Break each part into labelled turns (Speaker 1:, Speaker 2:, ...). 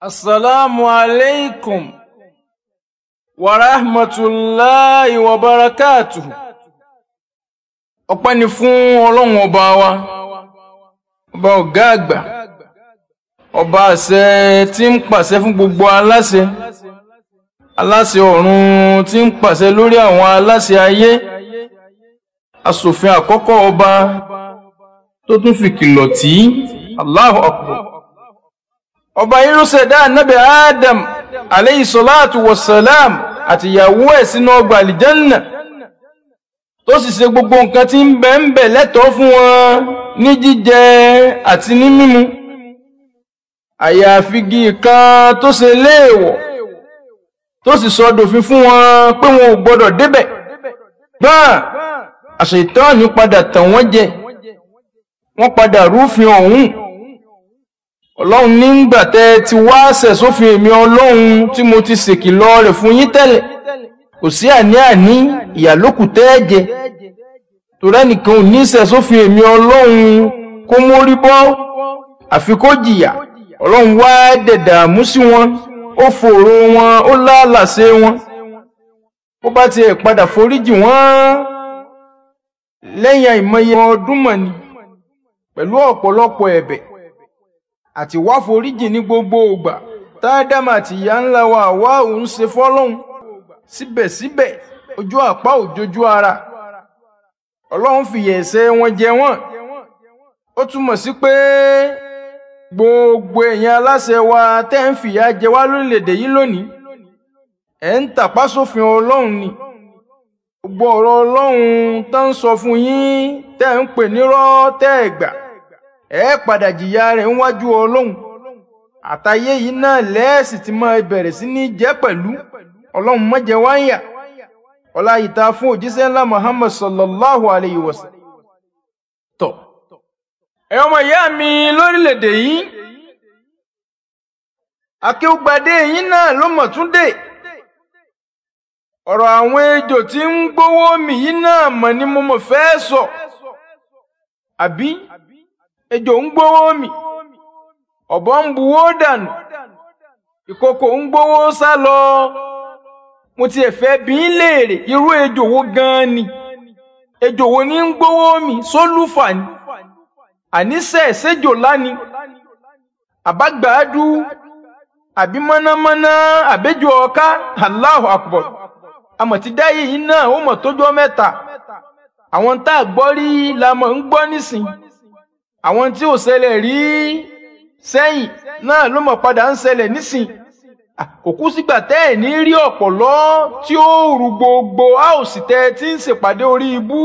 Speaker 1: Assalamu alaikum wa rahmatullahi wa barakatuhu. Ọpẹ́ fún Ọlọ́run ọba wa, ọba ọ̀gá àgbà, ọba àṣẹ tí ń pàṣẹ fún gbogbo aláṣẹ, aláṣẹ ọ̀run tí ń pàṣẹ lórí àwọn aláṣẹ ayé, aṣòfin àkọ́kọ́ ọba tó tún fìkìlọ̀ tí, Allahu Akbar. ọba yìí ló ṣẹ̀dá adam aleyhi salatu wa salam àti ìyàwó ẹ̀ sínú ọgbà àlìjẹ́nà tó sì ṣe gbogbo nǹkan tí ń bẹ ń bẹ lẹ́tọ̀ọ́ fún wọn ní jíjẹ àti ní mímu àyàfi igi kan tó ṣe léèwọ̀ tó sì sọ dòfin fún wọn pé wọn ò gbọdọ̀ débẹ̀ gbọ́n àṣetán ni padà tàn wọ́n jẹ wọ́n padà rúfin ọ̀hún ọlọ́run nígbà tẹ́ ti wá ṣẹ̀ sófin èmi ọlọ́run tí mo ti ṣèkìlọ̀ rẹ̀ fún yín tẹ́lẹ̀ kò sí àní àní ìyàlókù tẹ́ẹ̀jẹ torí ẹnìkan ò ní ṣẹ̀ sófin èmi ọlọ́run kó mórí bọ́ àfi kó jìyà ọlọ́run wá dẹ̀dààmú sí wọn ó fòòró wọn ó láàlàsé wọn ó bá tiẹ̀ padà foríjì wọ́n lẹ́yìn àìmọye ọdún mọ̀ ni pẹ̀lú ọ̀pọ̀lọpọ̀ ẹ̀bẹ̀ àti wá foríjì ní gbogbo ògbà táádámà àti ìyá ńlá wa àwa òun ṣe fọ́lọ́hun síbẹ̀síbẹ̀ ojú àpá òjòjú ara ọlọ́run fìyà ẹ̀ṣẹ̀ wọn jẹ wọ́n ó túmọ̀ sí pé gbogbo ẹ̀yin aláṣẹ wa tẹ́ ń fìyà jẹ wá lórílẹ̀‐èdè yìí lónìí ẹ̀ ń tàpá sófin ọlọ́run ni gbogbo ọ̀rọ̀ ọlọ́run tó ń sọ fún yín tẹ́ ń pè nírọ́ tẹ́ ẹ̀ gbà. ẹ padà jìyà rẹ̀ níwájú ọlọ́run àtayé yìí náà lẹ́ẹ̀sì ti máa bẹ̀rẹ̀ sí ní jẹ́ pẹ̀lú ọlọ́run má jẹ́ ọlá ìta fún òjíṣẹ́ ńlá muhammad sallallahu alayhi wa sallam. tọ́ ẹ ọmọ ìyá mi lórílẹ̀‐èdè yìí akéwùgbàdé yìí náà ló mọ̀ tún dé ọ̀rọ̀ àwọn ejò tí ń gbowó mi yìí náà mọ̀ ni mo mọ̀ fẹ́ sọ àbí. So. ejò ń gbówó mì ọ̀bọ ń buwó dànù ìkòkò ń gbówó sá mo ti e fẹ́ bí ń léèrè irú ejò wo gan ni ejò wo ní ń gbówó mì sólùfà ni àníṣe ṣèjò láni àbágbàádú àbí mọ́námọ́ná àbẹ́jọ ọ̀ká Allahu Akbar àmọ̀ ti yìí náà ó mọ̀ tójọ́ mẹ́ta àwọn tá a gbọ́ rí la mọ̀ ń gbọ́ nísìnyí. àwọn tí ò sẹlẹ̀ rí sẹ́yìn náà ló mọ̀ padà ń ṣẹlẹ̀ nísìn òkú sígbà tẹ́ ẹ̀ ní rí ọ̀pọ̀lọ́ tí ó rú gbogbo áòsì tẹ́ ẹ ti ń ṣèpàdé orí ibú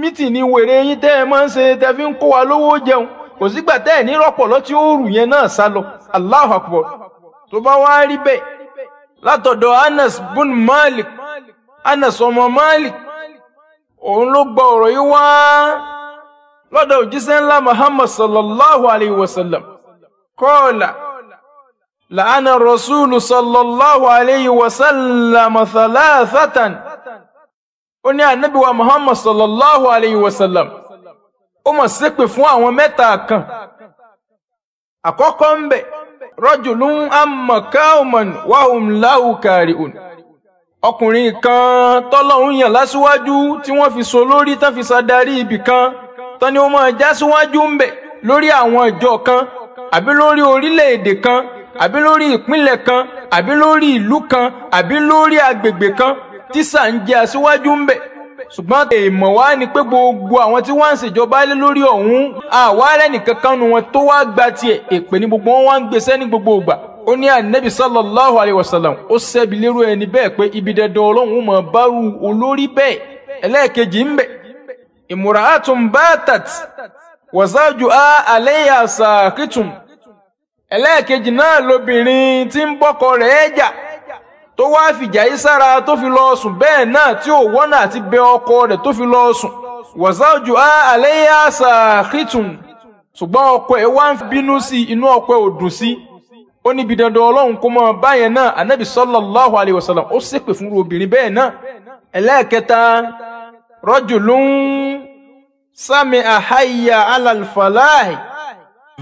Speaker 1: mítì ní wèrè yín tẹ́ ẹ máa ń ṣe tẹ́ fi ń kó wa lówó jẹun kò sígbà tẹ́ ẹ̀ ní rọ̀pọ̀lọ́ tí ó rù yẹn náà sá lọ Allahu Akbar tó bá wá rí bẹ́ẹ̀ látọ̀dọ̀ Anas bun Malik Anas ọmọ Malik òun ló gba ọ̀rọ̀ yìí wá. lọ́dọ̀ òjíṣẹ́ ńlá muhammad sallallahu alayhi wa sallam kọ́ọ̀là la'ana rasulu sallallahu alayhi wa sallam thalathatan ó ní ànábì wa muhammad sallallahu alayhi wa sallam ó mọ̀ ṣépè fún àwọn mẹ́ta kan àkọ́kọ́ ń bẹ̀ rajulun amma qauman wa hum lahu kari'un ọkùnrin kan tọ́lọ́hún yàn lásìwájú tí wọ́n fi so lórí tán fi sadarí ibì kan tani ó máa já síwájú ń bẹ̀ lórí àwọn ìjọ kan àbí lórí orílẹ̀-èdè kan àbí lórí ìpínlẹ̀ kan àbí lórí ìlú kan àbí lórí agbègbè kan tí sà jẹ́ aṣíwájú ń bẹ̀ ṣùgbọ́n èèmọ̀ wá ni pé gbogbo àwọn tí wọ́n ń ṣèjọba lé lórí ọ̀hún àwárẹ̀ nìkan kan nu wọn tó wá gba tiẹ̀ èpè ní gbogbo wọn wá ń gbèsẹ́ ní gbogbo ìgbà ó ní ànábì sallallahu alayhi wa sallam ó ṣẹ́bi lérò ẹni bẹ́ẹ̀ pé ibi dandan ọlọ́run mọ̀ bárù olórí imura'atun batat wazaju a aleya sakitun ẹlẹ́ẹ̀kejì náà lobìnrin tí ń bọ́kọ rẹ̀ jà tó wá fìjà yí sára tó fi lọ sùn bẹ́ẹ̀ náà tí ò wọ́nà àti bẹ ọkọ rẹ̀ tó fi lọ sùn wazaju a aleya sakitun ṣùgbọ́n ọkọ ẹ̀ wá ń bínú sí inú ọkọ ẹ̀ ò dùn sí ó níbi dandan ọlọ́run kó mọ́ báyẹn náà anabi sallallahu alayhi wa sallam ó ṣépè fún obìnrin bẹ́ẹ̀ náà ẹlẹ́ẹ̀kẹta رجل سمع hayya على الفلاح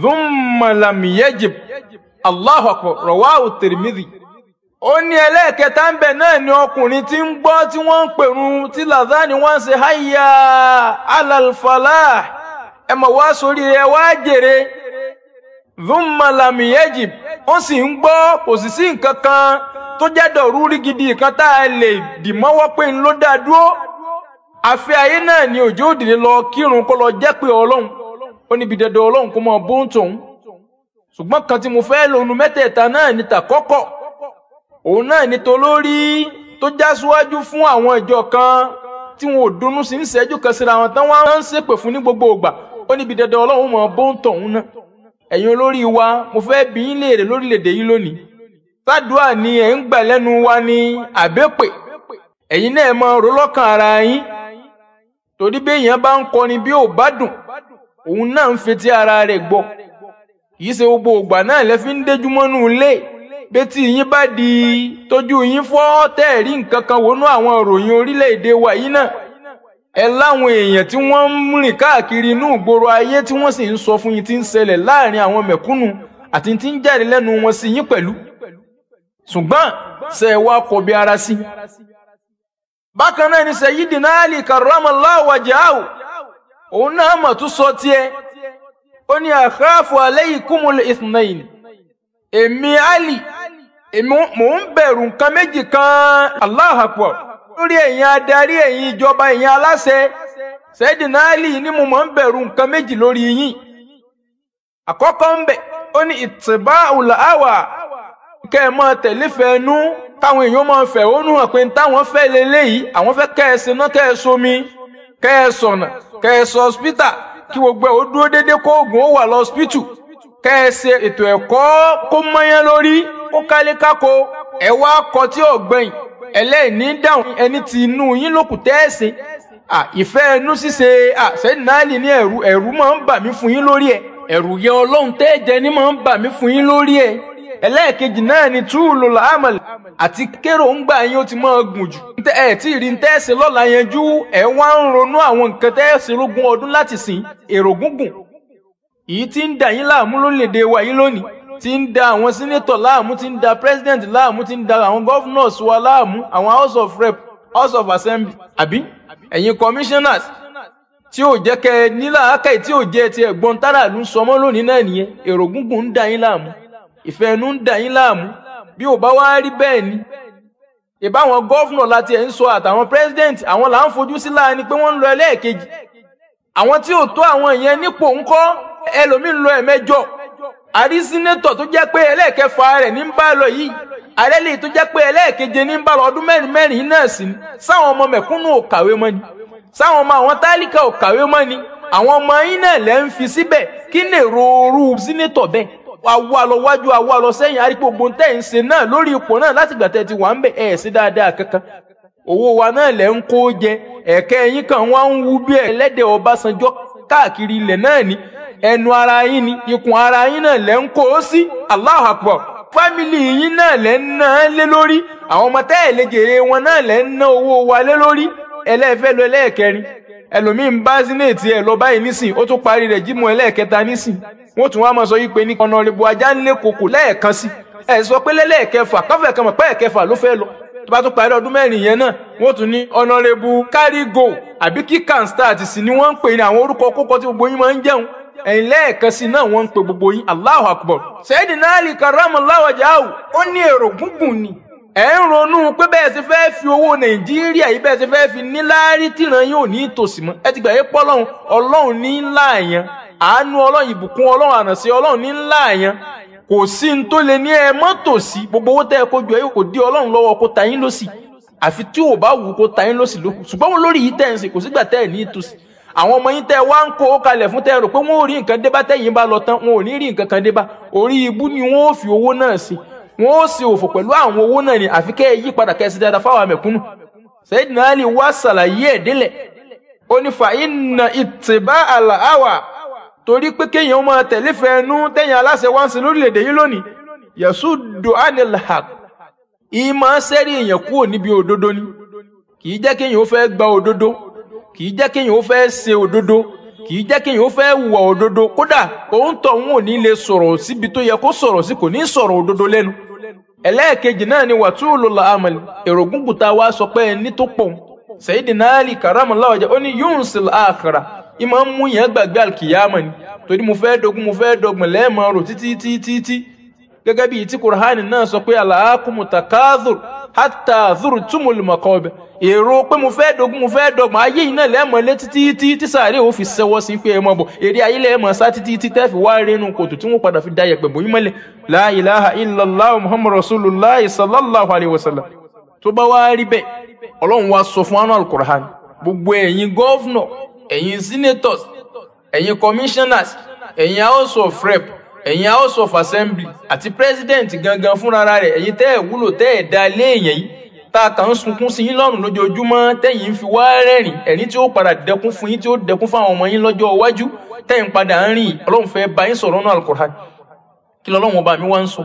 Speaker 1: ثم لم يجب الله Allahu akbar rawahu Tirmidhi ó ní ẹlẹ́ẹ̀kẹta ń bẹ̀ náà ni ọkùnrin tí ń gbọ́ tí wọ́n ń pèrun tí làzáni wọ́n ń ṣe hayya 'ala al-falah ẹ mọ̀ wá sórí ẹ wá jèrè thumma lam ó sì ń gbọ́ kò sì sí nǹkan kan tó jẹ́ dọ̀rú rí gidi kan tá a lè dì mọ́wọ́ pé ń ló dá dúró àfẹ́ ayé náà ni òjò òdìní lọ kírun kó lọ jẹ́ pé ọlọ́run ó níbi dandan ọlọ́run kó mọ bó tòun ṣùgbọ́n kan tí mo fẹ́ lónú mẹ́tẹ̀ẹ̀ta náà ni tàkọ́kọ́ òun náà ni tolórí tó já síwájú fún àwọn ìjọ kan tí wọn ò dunnú sí ní ṣẹ́jú kan síra wọn tán wọn ń ṣépè fún ní gbogbo ìgbà ó níbi dandan ọlọ́run mọ bó tòun náà ẹ̀yin olórí wa mo fẹ́ bi yín léèrè lórílẹ̀‐èdè yìí lónìí sádùá ni ẹ̀ ń gbà lẹ́nu wa ni àbẹ́pẹ̀ ẹ̀yin náà mọ rò lọ́kàn ara yín torí béèyàn bá ń kọrin bí ò bá dùn òun náà ń fetí ara rẹ̀ gbọ́ kì í ṣe gbogbo ògbà náà lẹ fi ń déjú mọ́nú ilé betí yín bá di tójú yín fọ́ tẹ́ẹ̀rí nǹkan kan wọnú àwọn òròyìn orílẹ̀-èdè wa yìí náà ẹ láwọn èèyàn tí wọ́n ń rìn káàkiri inú ìgboro ayé tí wọ́n sì ń sọ fún yín tí ń ṣẹlẹ̀ láàrin àwọn mẹ̀kúnnù àti tí ń jáde lẹ́nu wọn sí yín pẹ̀lú ṣùgbọ́n ṣe é wá kọbi ara sí i bákan náà ni sayyidina Ali karramallahu wajhahu òun náà mà tún sọ tiẹ̀ ó ní akhafu alaykumul ithnayn èmi Ali èmi mò ń bẹ̀rù nǹkan méjì kan Allahu akbar lórí ẹ̀yin adarí ẹ̀yin ìjọba ẹ̀yin aláṣẹ sayyidina Ali ni mo mọ̀ ń bẹ̀rù nǹkan méjì lórí yín àkọ́kọ́ ń bẹ̀ ó ní ittiba'ul hawa kẹ́ ẹ máa tẹ̀lé fẹ́ẹ́nú káwọn èèyàn máa fẹ̀hónú hàn pé táwọn fẹ́ leléyìí àwọn fẹ́ kẹ́ ẹ siná kẹ́ ẹ somi kẹ́ ẹ sọ̀nà kẹ́ ẹ sọ hospital kí gbogbo ẹ̀ ó dúró déédéé kó oògùn ó wà lọ hospital kẹ́ ẹ ṣe ètò ẹ̀kọ́ kó mọ́yán lórí kó kálé kákó ẹ wá kọ tí ò gbẹ̀yìn ẹlẹ́ẹ̀ní dáhùn ẹni tí inú yín lókùn tẹ́ẹ̀sì ìfẹ́ ẹnu ṣíṣe sẹ́yìn náà lè ní ẹ̀rù ẹ̀rù máa ń bà mí fún yín lórí ẹ̀ ẹ̀rù yẹn ọlọ́run tẹ́ẹ̀jẹ́ ni máa ń bà mí fún yín lórí ẹ̀ ẹlẹ́ẹ̀kejì náà ni túùlù làámàlì àti kéròǹgbà yín ó ti máa gùn jù. ẹ tí ì rí ń tẹ́ẹ̀sì lọ́la yanjú ẹ wá ń ronú àwọn nǹkan tẹ́ẹ̀sì rógún ọdún láti sìn èrò gúngùn. èyí tí ń dà yín láàmú lórílẹ̀‐èdè wa yìí lónìí tí ń da àwọn sínétọ̀ láàmú tí ń da president láàmú tí ń da àwọn governors wa láàmú àwọn house of rep house of assembly àbí ẹ̀yin commissioners tí ò jẹ́ kẹ́ nílà ákàì tí ò jẹ́ ti ẹ̀gbọ́n táràlú sọmọ́ lónìí náà nìyẹn èrò gúngùn ń dà yín láàmú ìfẹ́ ẹnu ń dà yín láàmú bí ò bá wá rí bẹ́ẹ̀ ni ìbáwọn gọ́fúnà láti ẹ̀ ń sọ àtàwọn president àwọn là ń fojú sí láàánú pé wọ́n ń lọ ẹlẹ́ẹ̀kejì àwọn tí ò tó àwọn ìyẹn nípò ńkọ́ ẹlòmíín lọ ẹ̀mẹ́jọ àrí sínétọ̀ tó jẹ́ pé ẹlẹ́ẹ̀kẹfà rẹ̀ ní ń bá lọ yìí àrẹ́lẹ̀ tó jẹ́ pé ẹlẹ́ẹ̀keje ní ń bá lọ ọdún mẹ́rin mẹ́rin náà sí ni sáwọn ọmọ mẹ̀kúnnù ò kàwé mọ́ ni sáwọn ọmọ àwọn tálíkà ò kàwé mọ́ ni àwọn ọmọ yín náà lẹ́ ń fi síbẹ̀ kí lè ro sínétọ̀ bẹ́ẹ̀ àwa lọ wájú àwa lọ sẹ́yìn arípò gbòǹtẹ̀ ń ṣe náà lórí ipò náà láti ti wà ń bẹ̀ ẹ̀ sí dáadáa kankan wa náà lẹ̀ ń kó jẹ ẹ̀kẹ́ ẹ̀yìn kan wá ń wú bí ẹlẹ́dẹ̀ káàkiri ilẹ̀ náà ni ẹnu ara yín ni ikùn ara yín náà lẹ̀ ń kó o sí Allahu Akbar fámìlì yín náà lẹ̀ ń ná lé lórí àwọn ọmọ wọn náà wa lé lórí ẹlẹ́fẹ́ lọ ẹlẹ́ẹ̀kẹrin ẹlòmíì ń bá zinate ẹ lọ báyìí nísìn ó tún parí rẹ̀ jímọ̀ ẹlẹ́ẹ̀kẹta nísìn wọ́n tún wá máa sọ yìí pé ní ọ̀nàrẹ́bù ajá ń lé kòkò lẹ́ẹ̀kan sí ẹ sọ pé lẹ́lẹ́ẹ̀kẹfà káfẹ́ kan mọ̀ pé ẹ̀kẹfà ló fẹ́ lọ tó bá tún parí ọdún mẹ́rin yẹn náà wọ́n tún ní ọ̀nàrẹ́bù kárígò àbí kíkan start sí ni wọ́n ń pè ní àwọn orúkọ kókọ tí gbogbo yín máa ń jẹun ẹ̀yìn lẹ́ẹ̀kan sí náà wọ́n ń pe gbogbo yín Allahu Akbar Sayyidina Ali karramallahu wajhahu ó ní èrò gúngùn ni ẹ̀ ń ronú pé bẹ́ẹ̀ ṣe fẹ́ fi owó nàìjíríà yìí bẹ́ẹ̀ ṣe fẹ́ fi níláárí tìran yóò ní ìtòsí mọ́ ẹ ti gbà yé pọ́lọ́hún ọlọ́run ní ńlá àyàn àánú ọlọ́run ìbùkún ọlọ́run ànàṣe ọlọ́run ní ńlá àyàn kò sí ní tó lè ní ẹ mọ́tòsí gbogbo owó tẹ́ ẹ kó jọ ẹ kò dé ọlọ́run lọ́wọ́ kó ta yín lọ́sì àfi tí ò bá wù kó ta yín lọ́sì lókù ṣùgbọ́n wọn lórí yìí tẹ́ ẹ ń ṣe àwọn ọmọ yín tẹ́ wá ń kó kalẹ̀ fún tẹ́ rò pé wọn ò rí nǹkan dé bá bá lọ tán wọn ò ní rí nǹkan kan dé orí ibú ni wọn ò fi owó náà sí wọn ó sì òfò pẹ̀lú àwọn owó náà ni àfi kẹ́ ẹ yí padà kẹ́ ẹ sì dáadáa fáwọn àmẹ̀kúnnù Sayyidina Ali wá ṣàlàyé ẹ̀ délẹ̀ ó ní fa iná ìtìbá àlàáwà torí pé kéèyàn máa tẹ̀lé fẹ́ẹ́nú tẹ̀yìn aláṣẹ wá ń lórílẹ̀‐èdè yìí lónìí yẹ̀sù dohanil haq ìmọ̀ sẹ́rí èèyàn kúrò níbi òdodo ni kì í jẹ́ kéèyàn ó fẹ́ gba òdodo kì í jẹ́ kéèyàn ó fẹ́ ṣe òdodo kì í jẹ́ kí èèyàn fẹ́ wùwà òdodo kódà òun tọ̀ òun ò ní lè sọ̀rọ̀ síbi tó yẹ kó sọ̀rọ̀ sí kò ní sọ̀rọ̀ òdodo lẹ́nu. ẹlẹ́ẹ̀kejì náà ni wàtúùlù làámàlì èrògùn kùtà wa sọ pé ẹni tó pọ̀ Sayyidina Ali karamallahu wajha ó ní yunsil akhira ìmọ̀ ń mú yẹn gbàgbé àlkìyàmà ni torí mo fẹ́ dogun mo fẹ́ dọgbọ̀n lẹ́ẹ̀mọ́ rò títí títí títí gẹ́gẹ́ bíi tí Kùránì náà sọ pé àlàákùmù takazur hata zuru túmùlù mọ̀kọ́bẹ̀ èrò pé mo fẹ́ dogun mo fẹ́ dọgbọ̀n ayé yìí náà lẹ́mọ̀ lé títí tí tí sàárè ò fi sẹ́wọ́ sí pé ẹ mọ̀ bọ̀ èrè ayé lẹ́mọ̀ sá títí tí tẹ́fì wá rẹ́nu kòtò tí wọ́n padà fi dá yẹ̀pẹ̀ bòyí mọ́lẹ̀ la ilaha illallah muhammad rasulullah sallallahu alayhi wa sallam tó bá wá rí bẹ́ẹ̀ ọlọ́run wá sọ fún anu alukur'an gbogbo ẹ̀yin gọ́fúnọ̀ ẹ̀yin senators ẹ̀yin commissioners ẹ̀yin house of rep ẹ̀yin house of assembly àti president gangan fúnra rẹ̀ ẹ̀yin tẹ́ ẹ̀ wúlò tẹ́ ẹ̀ dá léèyàn yìí tá a kàn ń sunkún sí yín lọ́rùn lójoojúmọ́ tẹ́yìn ń fi wá rẹ́rìn ẹ̀rín tí ó padà dẹkún fún yín tí ó dẹkún fún àwọn ọmọ yín lọ́jọ́ iwájú tẹ́yìn padà ń rìn ọlọ́run fẹ́ bá yín sọ̀rọ̀ náà al kí lọ́lọ́run ọba mi wá ń sọ.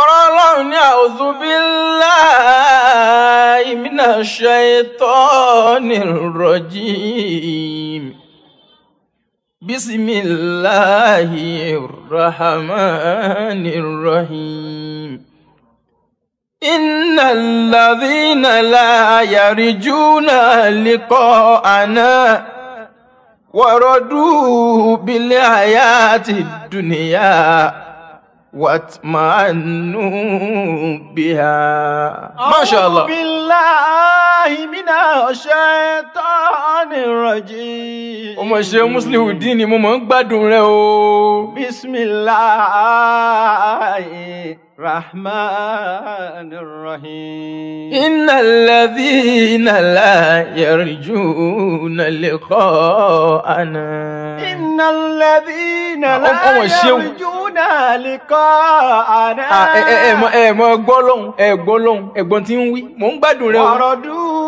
Speaker 1: ọ̀rọ̀ ọlọ́run ní a'udhu billahi minash shaitonir rajim. بسم الله الرحمن الرحيم إن الذين لا يرجون لقاءنا وردوا بالحياة الدنيا واتمنوا بها ما شاء الله
Speaker 2: بالله billahi minash shaitanir rajim. ọmọ ṣe Musliudeen mo mọ̀ ń gbádùn o. bisimilahi. الرحمن الرحيم
Speaker 1: إن الذين لا يرجون لقاءنا
Speaker 2: إن الذين
Speaker 1: لا يرجون
Speaker 2: لقاءنا ẹ ẹ mọ ẹ
Speaker 1: mọ gbólóhùn ẹ gbólóhùn ẹ̀gbọ́n tí ń wí mò ń gbádùn rẹ o. ọ̀rọ̀
Speaker 2: dùn.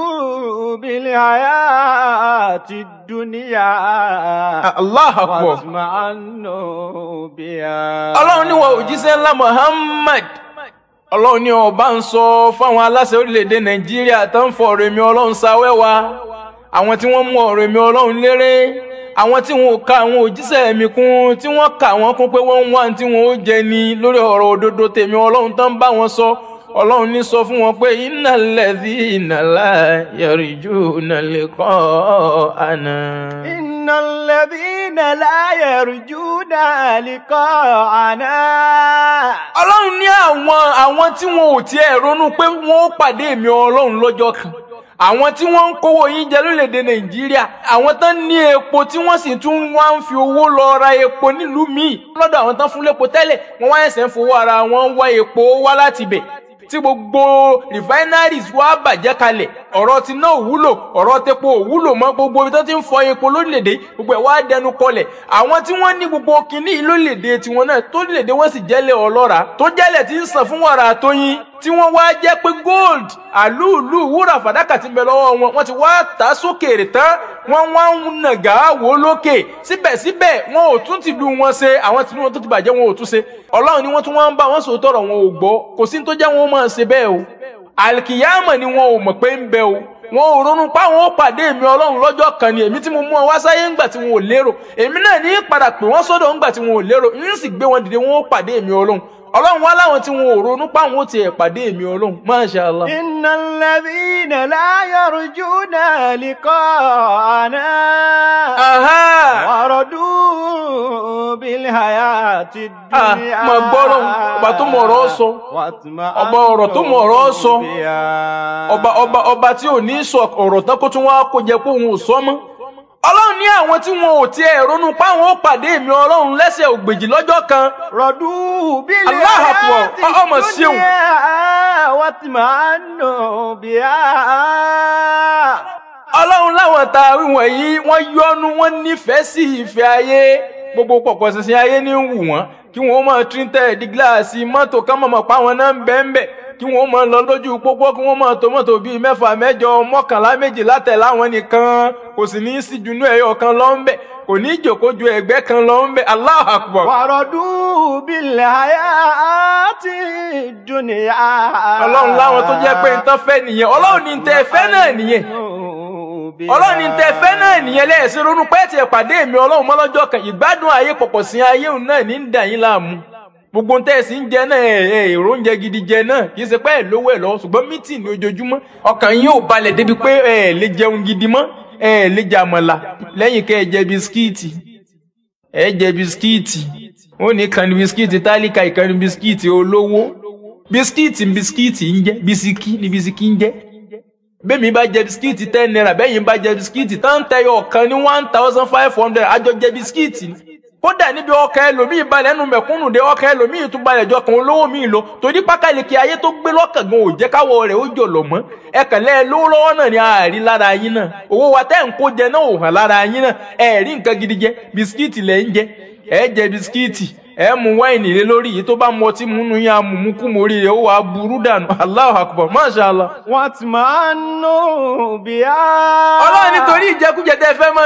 Speaker 2: بالحياة الدنيا الله أكبر واطمأنوا بها
Speaker 1: ọlọ́run ní wọ́n ńlá Mohammed, ọlọ́run ní ọba ń sọ fáwọn aláṣẹ orílẹ̀-èdè Nàìjíríà tó èmi ọlọ́run àwọn tí wọ́n mú ọ̀rọ̀ èmi ọlọ́run léré àwọn tí wọn ka àwọn mi kún tí wọ́n kà wọ́n kún pé wọ́n ń wá tí wọ́n ó jẹ ni lórí ọ̀rọ̀ òdodo tèmi ọlọ́run ní sọ fún wọn pé iná lẹ́dí iná láyẹ̀rì jù náà lè kọ́ àná.
Speaker 2: iná lẹ́dí iná
Speaker 1: láyẹ̀rì jù náà lè kọ́ àná. ọlọ́run ní àwọn àwọn tí wọn ò tiẹ̀ ronú pé wọ́n ó pàdé èmi ọlọ́run lọ́jọ́ kan àwọn tí wọ́n ń kówó yín jẹ lórílẹ̀‐èdè nàìjíríà àwọn tán ní epo tí wọ́n sì tún wá ń fi owó lọ ra epo nílùú míì lọ́dọ̀ àwọn tán fún lépo tẹ́lẹ̀ wọ́n wá ẹ̀sẹ̀ ń fowó ara wọn wá epo wá láti bẹ̀ tí gbogbo refineries wá bàjẹ́ kalẹ̀ ọ̀rọ̀ ti náà wúlò ọ̀rọ̀ tepo wúlò mọ́ gbogbo ibi tó ti ń fọ epo lórílẹ̀‐èdè gbogbo ẹ̀ wá dẹnu kọlẹ̀ àwọn tí wọ́n ní gbogbo kinní lórílẹ̀‐èdè tiwọn náà tó lórílẹ̀‐èdè wọ́n sì jẹ́lẹ̀ ọlọ́ra tó jẹ́lẹ̀ ti ń sàn fún wàrà àtọyín tí wọ́n wá jẹ́ pé gold àlúùlù wúrà fàdákà ti bẹ lọ́wọ́ wọn wọ́n ti wá ta, sókèèrè tán wọ́n wá ń nàgà wò lókè síbẹ̀síbẹ̀ wọn ò tún ti lu wọn ṣe àwọn tí wọn tó ti bàjẹ́ wọn ò tún ṣe ọlọ́run ni wọ́n tún wá ń bá wọn sòótọ́ ọ̀rọ̀ wọn ò gbọ́ kò sí tó jẹ́ wọn máa ṣe bẹ́ẹ̀ o àlìkìyàmọ̀ ni wọn ò mọ̀ pé ń bẹ o wọn ò ronú pa àwọn ó pàdé mi ọlọ́run lọ́jọ́ kan ni èmi tí mo mú ọ wá sáyé ńgbà tí wọn ò lérò èmi náà ní padà pè wọ́n sọ́dọ̀ ńgbà tí wọn ò lérò ń sì gbé wọn dìde wọn ó pàdé mi ọlọ́run ọlọ́run wá láwọn tí wọn ò ronú páwọn ó ti ẹ̀pàdé èmi ọlọ́run Masha Allah.
Speaker 2: Innal ladhina la yarjuna liqa'ana. Waradu
Speaker 1: bil hayati dunya. Ah, mọ̀ gbọ́rọ̀ ọba tó mọ̀ ọ̀rọ̀ sọ.
Speaker 2: Ọba ọ̀rọ̀ tó mọ̀ ọ̀rọ̀
Speaker 1: sọ. Ọba ọba ọba tí ò ní sọ ọ̀rọ̀ tán kó tún wá kó jẹ kó òun ò sọ mọ́. ọlọ́run ní àwọn tí wọn ò tiẹ̀ ronú páwọn ó pàdé èmi ọlọ́run lẹ́sẹ̀ ògbèjì lọ́jọ́ kan. rọ̀dú bílẹ̀ aláhàpọ̀ ọmọ ṣeun.
Speaker 2: wọ́n ti máa ń nù bí a.
Speaker 1: ọlọ́run láwọn ta wíwọ̀nyí wọ́n yọ́nú wọ́n nífẹ̀ẹ́ sí ìfẹ́ ayé gbogbo pọ̀pọ̀ ṣinṣin ayé ní wù wọ́n kí wọ́n máa tíríntẹ̀ di gíláàsì mọ́tò kan mọ̀mọ́ pa wọn náà ń bẹ́ẹ̀ bẹ́ẹ̀ kí wọ́n máa lọ lójú pópó kí wọ́n máa tòmọ́tò bíi mẹ́fà mẹ́jọ mọ́kànlá méjìlá tẹ̀ láwọn nìkan kò sì ní í síjú inú ẹ̀yọ kan lọ́nbẹ̀ kò ní í jókòó ju ẹ̀gbẹ́ kan lọ́nbẹ̀ Allahu Akbar. wàrọ̀dún bílẹ̀
Speaker 2: ayé àti dúnìyà. ọlọ́run láwọn tó jẹ́ pé ń
Speaker 1: fẹ́ nìyẹn ọlọ́run ní tẹ́ fẹ́ náà nìyẹn ọlọ́run ní tẹ fẹ́ náà nìyẹn lẹ́yìn sí ronú pẹ́ẹ́tì ẹ̀ mi ọlọ́run mọ́lọ́jọ́ kan ìgbádùn ayé pọ̀pọ̀ sí ayé òun náà ní ń dà yín láàmú gbogbo ń tẹ́ẹ̀sì ń jẹ náà ẹ̀ eh, eh, èrò oúnjẹ gidi jẹ náà kì í ṣe pé ẹ̀ lówó ẹ̀ lọ ṣùgbọ́n mítìn ní ojoojúmọ́ ọkàn yín ò balẹ̀ débi pé ẹ̀ lè jẹun gidi mọ́ ẹ̀ lè jẹ àmàlà lẹ́yìn kẹ́ ẹ jẹ bisikíìtì ẹ jẹ bisikíìtì ó ní ìkànnì bisikíìtì tálíkà ìkànnì bisikíìtì olówó bisikíìtì bisikíìtì ń jẹ bisiki ni bisiki ń jẹ bẹ́ẹ̀mi bá jẹ bisikíìtì ten naira bẹ́yìn bá jẹ bisikíìtì táǹtẹ̀yọ̀ kan ní one thousand five hundred àjọ jẹ bisikíìtì kódà níbi ọkà ẹlòmíì balẹ̀ ẹnu mẹ̀kúnnù dé ọkà ẹlòmíì tún balẹ̀ jọ kan olówó mi lọ torí pákàlẹ́kì ayé tó gbé lọ́kàn gan ò jẹ́ káwọ́ rẹ̀ ó jọ̀lọ̀ mọ́ ẹ̀kànlẹ́ lówó lọ́wọ́ náà ni àárí lára yín náà owó wa tẹ́ ń kó jẹ náà ò hàn lára yín náà ẹ̀ẹ́rí nǹkan gidi jẹ bisikíìtì lẹ́ ń jẹ ẹ̀ jẹ bisikíìtì wáìnì lé lórí yìí tó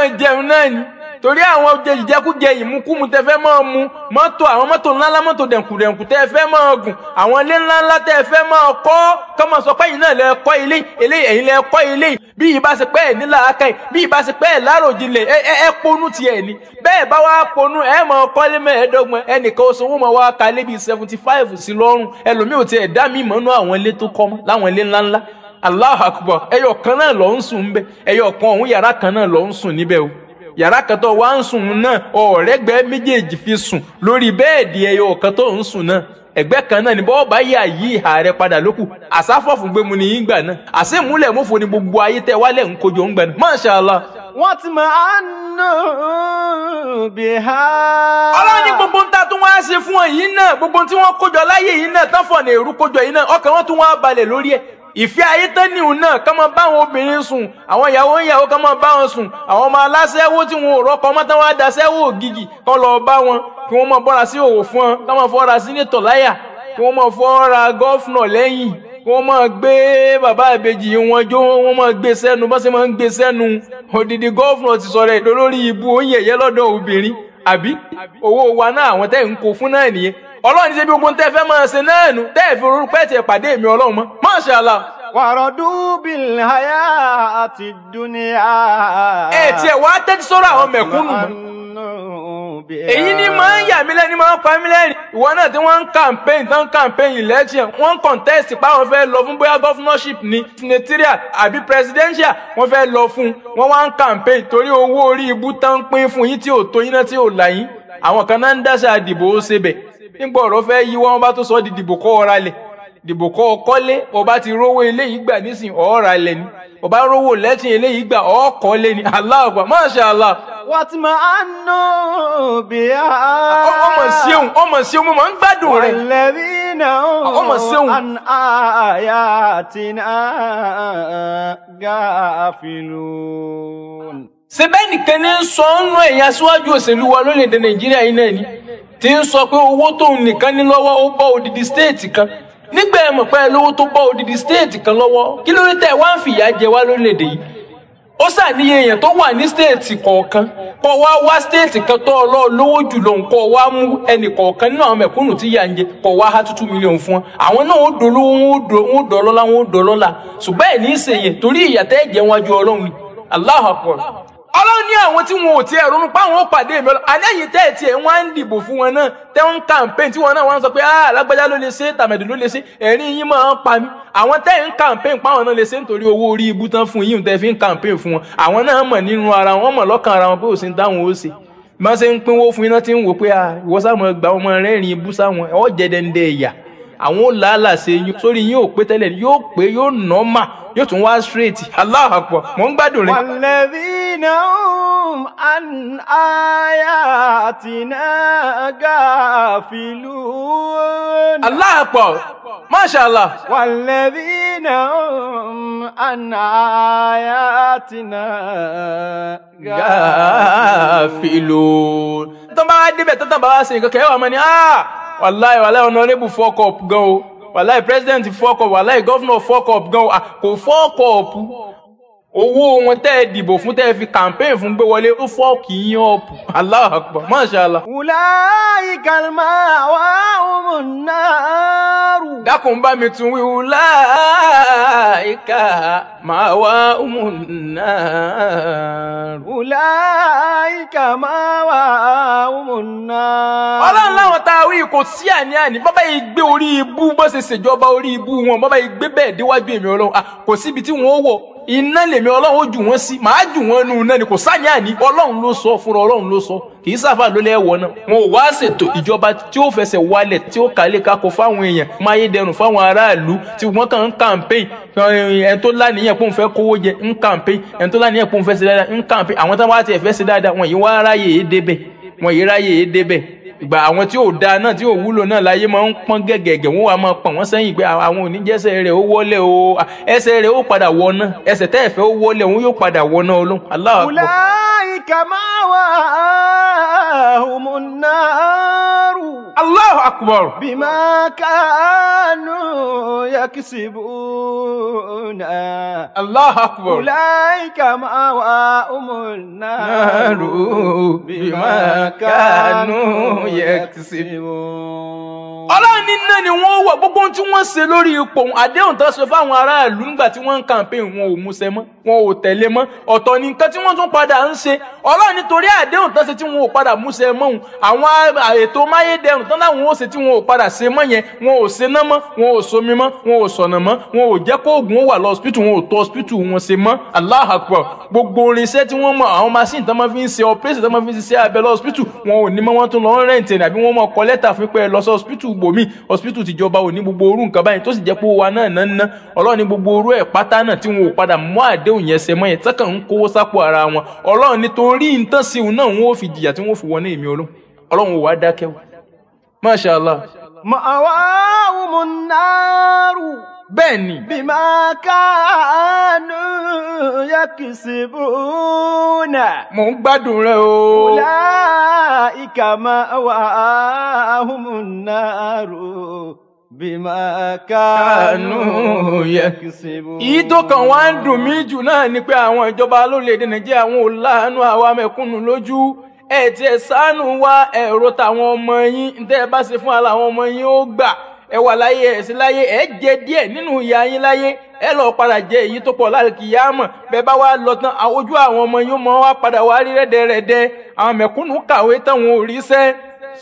Speaker 1: bá torí àwọn jẹjẹkújẹ ìmúkúmu tẹ fẹ́ máa mu mọ́tò àwọn mọ́tò ńláńlá mọ́tò dẹ̀kùdẹ̀kù tẹ fẹ́ máa gùn àwọn ilé ńláńlá tẹ fẹ́ máa kọ́ kọ́mọ sọ pé ẹ̀yin náà lẹ kọ́ ilé eléyìí ẹ̀yin lẹ kọ́ ilé bí ìbá ṣe pẹ́ ẹ̀ nílà aka ẹ̀ bí ìbá ṣe pẹ́ ẹ̀ láròjinlẹ̀ ẹ ẹ ponú tiẹ̀ ni bẹ́ẹ̀ bá wá ponú ẹ máa kọ́lé mẹ́ẹ̀ẹ́dọ́gbọ̀n ẹnìkan oṣù wọn máa ka lé bíi seventy five sí lọ́rùn ẹlòmíì ò tiẹ̀ dá mi mọ́nú àwọn ilé tó kọ́ láwọn ilé ńláńlá Allahu Akbar ẹyọ kan náà ló ń sùn níbẹ̀ ẹyọ kan òun yàrá kan náà ló ń sùn níbẹ̀ o. yàrá kan tó wá ń sùn náà ọ̀rẹ́gbẹ́ méjèèjì fi sùn lórí bẹ́ẹ̀dì ẹyọ kan tó ń sùn náà ẹgbẹ́ kan náà ni bọ́ọ̀ bá yà yí ìhà rẹ padà lókù àsáfọ̀fún gbé mu ní yín gbà náà àṣemúlẹ̀ mọ́fò ni gbogbo ayé tẹ wálẹ̀ ń kojú òun gbà náà Masha wọ́n ti máa ń nù bí ha. ọlọ́run ní gbogbo ń ta wọ́n á ṣe fún ọ yìí náà gbogbo tí wọ́n kójọ láyé yìí náà tán fọ̀nà ìfẹ́ ayé tẹ́nìún náà ká máa bá àwọn obìnrin sùn àwọn ìyàwó ìyàwó ká máa bá wọn sùn àwọn ọmọ aláṣẹ́wó tí wọn ò rọ́kọ mọ́tán wá daṣẹ́wó ògìgì kọ́ lọ bá wọn kí wọ́n máa bọ́ra sí òwò fún wọn ká máa fọ́ra sí ní tọ̀láyà kí wọ́n máa fọ́ra gọ́fúnà lẹ́yìn kí wọ́n máa gbé bàbá ìbejì wọn jó wọ́n máa gbé sẹ́nu bá ṣe máa ń gbé sẹ́nu òdìdí gọ́fúnà ti sọ̀rọ̀ èdè lórí ibu oyin ẹ̀yẹ lọ́dọ̀ obìnrin àbí owó wa náà àwọn tẹ́ ń kó fún náà nìyẹn ọlọ́run ní ṣe bí gbogbo ń tẹ́ fẹ́ máa ṣe náà nù tẹ́ fi orúkọ ẹ̀ tiẹ̀ pàdé èmi ọlọ́run mọ́ Masha Allah.
Speaker 2: wàrọ̀dú bil hayati dunya. ẹ tiẹ̀ wá
Speaker 1: tẹ́tí sọ́rọ̀ àwọn mẹ̀kúnnù mọ́. èyí ni máa ń yà mí lẹ́ni máa ń pa mí lẹ́rìn. ìwọ náà tí wọ́n ń campaign tán campaign election wọ́n ń contest páwọn fẹ́ lọ fún bóyá governorship ni senatorial àbí presidential wọ́n fẹ́ lọ fún wọ́n wá ń campaign torí owó orí ibú tán pín fún yín tí ò tó yín náà tí ò là yín àwọn kan náà ń dáṣà àdìbò ó ṣe bẹ́ẹ̀. nígbà ọ̀rọ̀ fẹ́ yí wọ́n bá tó di dìbò kọ́ ọ̀ra lẹ̀ dìbò ọba ti rówó eléyìí gbà nísìn ọ̀ọ́ra lẹ̀ ni ọba rówó lẹ́tìn eléyìí gbà ọ̀ọ́kọ́lé ni Allahu Akbar Masha Allah.
Speaker 2: wàtí a. ọmọ ṣeun ọmọ ṣeun mo máa ń gbádùn rẹ. náà ọmọ ṣeun. an ayatina
Speaker 1: gafilun. ṣe bẹ́ẹ̀ nìkan sọ ọ́nù tí ń sọ pé owó tóun nìkan ní lọ́wọ́ ó bọ́ odidi stéètì kan nígbà ẹ mọ̀ lówó tó bọ́ odidi stéètì kan lọ́wọ́ kí ló dé tẹ̀ wá ń fìyà jẹ wá lórílẹ̀‐èdè yìí ó ṣàníyàn èèyàn tó wà ní stéètì kọ̀ọ̀kan kọ́ wá wá stéètì kan tó ọlọ́ lówó jùlọ lọ wá mú ẹnì kọ̀ọ̀kan nínú àwọn tí yà ń jẹ wá há tútù mílíọ̀nù fún àwọn náà ó ọlọ́run ní àwọn tí wọn ò tiẹ̀ ronú pa àwọn ó pàdé mi ọlọ́run àní ẹ̀yìn tẹ́ ẹ̀ tiẹ̀ wọ́n á ń dìbò fún wọn náà tẹ́ ń campaign tí wọn náà wọ́n á sọ pé ah alágbájá ló lè ṣe tàmẹ̀dù ló lè ṣe ẹ̀rín yín máa ń pa mí àwọn tẹ́ ń campaign pa àwọn náà lè ṣe nítorí owó orí ibú tán fún yín tẹ́ fi ń campaign fún wọn àwọn náà mọ̀ nínú ara wọn mọ̀ lọ́kàn ara wọn pé òsín dáhùn ó ṣe máa ṣe ń pínwó fún iná tí ń wò pé ah, ìwọ sáwọn gbà ọmọ rẹ́rìn ibú sáwọn ọ̀ jẹ́dẹ́ndẹ́ ẹ̀yà àwọn làálàá ṣe yín sórí yín ò pé tẹ́lẹ̀ yóò pé yóò nà án mà yóò tún wá straight Allahu Akbar mò ń gbádùn rẹ.
Speaker 2: walladhina hum an ayatina gafilun. Allahu Akbar masha allah. walladhina hum an
Speaker 1: ayatina gafilun. tó bá wá débẹ̀ tó tàn ṣe nǹkan kẹ́ mọ́ ni. Ah, wàláì wàláì honorable fuck up gan o wàláì president fuck up wàláì governor fuck up gan o ah, kò fuck up owó wọn tẹ́ ẹ dìbò fún tẹ́ ẹ fi campaign fún gbé wọlé ó fọ́ọ̀kì yín ọ̀pù Allahu Akbar Masha Allah. ulaika ma'wahumun naru. dákun bá mi tún wí ulaika ma'wahumun naru.
Speaker 2: ulaika ma'wahumun
Speaker 1: naru. ọlọ́run láwọn tá a wí kò sí àní-àní bàbá yìí gbé orí ibú bó ṣe ṣèjọba orí ibú wọn bàbá yìí gbé bẹ́ẹ̀ déwájú èmi ọlọ́run ah, kò síbi tí wọ́n wọ̀. iná lèmi ọlọ́run ó jù wọ́n sí màá jù wọ́n nù náà ni kò sáyà àní ọlọ́run ló sọ fúnra ọlọ́run ló sọ kì í sáfà ló lẹ́wọ̀ náà. wọn ò wá ṣètò ìjọba tí ó fẹsẹ̀ wálẹ̀ tí ó kàlẹ́ kakọ fáwọn èèyàn máyédẹrùn fáwọn aráàlú tí wọ́n kàn ń kàǹpéyìn ẹni tó lánìyàn pé òun fẹ́ kówó jẹ ń kàǹpéyìn ẹni tó fẹ́ ṣe dáadáa ń àwọn táwọn ẹ̀fẹ́ ṣe dáadáa wọn yìí wá ìgbà àwọn tí ò da náà tí ò wúlò náà láyé máa ń pọ́n gẹ́gẹ́gẹ́ wọ́n wá máa pọ́n wọ́n sẹ́yìn pé àwọn oníjẹ́sẹ̀ rẹ̀ ó wọlé o ẹsẹ̀ rẹ̀ ó padà wọná ẹsẹ̀ tẹ́ ẹ̀fẹ́ ó wọlé òun yóò padà wọná olóhùn aláwọ̀.
Speaker 2: ulaika ma'wahum an-naru. Allahu akbar. bima kanu yaksibuna. Allahu akbar. ulaika ma'wahum an-naru
Speaker 1: yaksibun. ọlọ́run ní náà ni wọ́n wọ̀ gbogbo ohun tí wọ́n ṣe lórí ipò àdéhùn tó ṣe fáwọn aráàlú nígbà tí wọ́n ń campaign wọn ò múṣẹ mọ́ wọn ò tẹ̀lé mọ́ ọ̀tọ̀ ni nǹkan tí wọ́n tún padà ń ṣe ọlọ́run nítorí àdéhùn tó ṣe tí wọn ò padà múṣẹ mọ́ òun àwọn ètò máyédẹrùn tó láwọn ò ṣe tí wọn ò padà ṣe mọ́ yẹn wọn ò ṣe náà mọ́ wọn ò somi mọ́ wọn ò sọ̀nà mọ́ wọn ò jẹ́ kóògùn wà lọ hospital wọn ò tọ́ hospital wọn ṣe mọ́ Allah akbar gbogbo irinṣẹ́ tí wọ́n mọ àwọn machine tó máa fi ń ṣe operation tó máa fi ń ṣiṣẹ́ abẹ lọ hospital wọn ò ní mọ́ wọn tún lọ rẹ̀ treatment ẹ̀ àbí wọ́n mọ̀ kọ lẹ́tà fún pé ẹ lọ sí hospital gbòmí hospital tìjọba ò ní gbogbo orú nǹkan báyìí tó sì jẹ́ pé wa náà ná ná ọlọ́run ní gbogbo orú ẹ̀ pátá náà tí wọn ò padà mọ́ àdéhùn yẹn ṣe mọ́ yẹn tẹ́kàn ń kówó sápò ara wọn ọlọ́run ní torí nǹkan sí òun náà wọn ò fi jìyà tí wọn ò fi wọnú èmi olóhùn ọlọ́run ò wá dákẹ́
Speaker 2: bẹ́ẹ̀ ni. bímọ káánú yẹ kì í sí bùnà.
Speaker 1: mò ń gbádùn rẹ o.
Speaker 2: wùlá ìkà máa wà áhùnmùnà rò bímọ
Speaker 1: káánú yẹ kì í sí bùnà. èyí tó kàn wá ń dùn mí jù náà ni pé àwọn ìjọba lórílẹ̀‐èdè nàìjíríà wọn ò láàánú àwa lójú wa ẹ̀rọ ọmọ yín ntẹ́ ẹ bá ṣe fún wa ọmọ yín ó gbà. ẹ wà láyé ẹ sí láyé ẹ jẹ díẹ̀ nínú ìyà yín láyé ẹ lọ padà jẹ èyí tó pọ̀ lálùkìyámọ̀ bẹ́ẹ̀ bá wá lọ tán ojú àwọn ọmọ yóò mọ wá padà wá rí rẹdẹrẹdẹ àwọn mẹ̀kúnnù kàwé tán wọn ò ríṣẹ́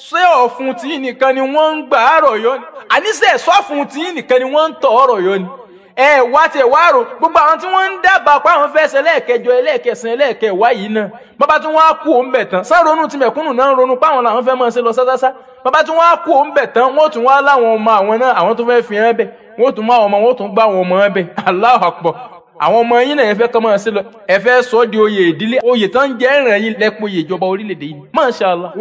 Speaker 1: ṣé ọ̀fun tí nìkan ni wọ́n ń gbà á rọ̀ yọ ni àníṣe ẹ̀ṣọ́ ọ̀fun tí nìkan ni wọ́n ń tọ̀ ọ̀rọ̀ yọ ni. ẹ wá tiẹ̀ wá rò gbogbo àwọn tí wọ́n ń dábàá pé àwọn fẹ́ ṣe ẹlẹ́ẹ̀kẹjọ ẹlẹ́ẹ̀kẹsàn ẹlẹ́ẹ̀kẹwá yìí náà bàbá tí wọ́n á kú òun bẹ̀ tán sáà ronú tìmẹ̀kúnnù náà ronú pé làwọn fẹ́ máa ṣe lọ sásásá bàbá tí wọ́n á kú òun bẹ̀ tán wọ́n tún wá láwọn ọmọ àwọn náà àwọn tó àwọn ọmọ wọ́n lọ ẹ di oyè ìdílé oyè tán jẹ́ yín lẹ́pọ̀ oyè ìjọba orílẹ̀-èdè yìí Masha Allah.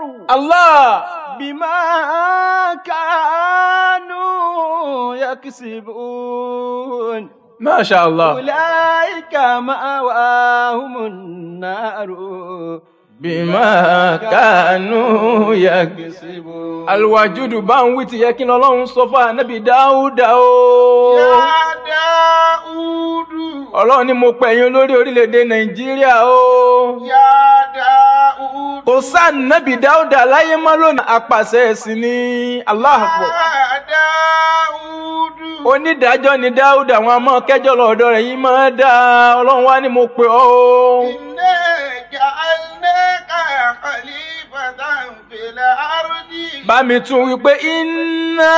Speaker 2: كفروا الله بما كانوا يكسبون ما شاء الله أولئك مأواهم النار
Speaker 1: bímá kánú yẹ kìsìbò.
Speaker 2: alùwàjúdù
Speaker 1: bá ń wí ti yẹ kí ọlọ́run sọ fún ànábì dáúdà o. yá dáúdù. ọlọ́run ni mo pẹ̀yìn olórí orílẹ̀-èdè nàìjíríà o.
Speaker 3: yá dáúdù. kò sá ànábì dáúdà
Speaker 1: láyé mọ́ lónìí apàṣẹ ẹ̀sìn ní aláàbò. yá dáúdù. onídàájọ́ ni dáúdà àwọn amọ̀ kẹjọ lọ́dọ̀ rẹ̀ yìí máa dá ọlọ́run wá ní mo pè ọ́ bámi tún wí pé inna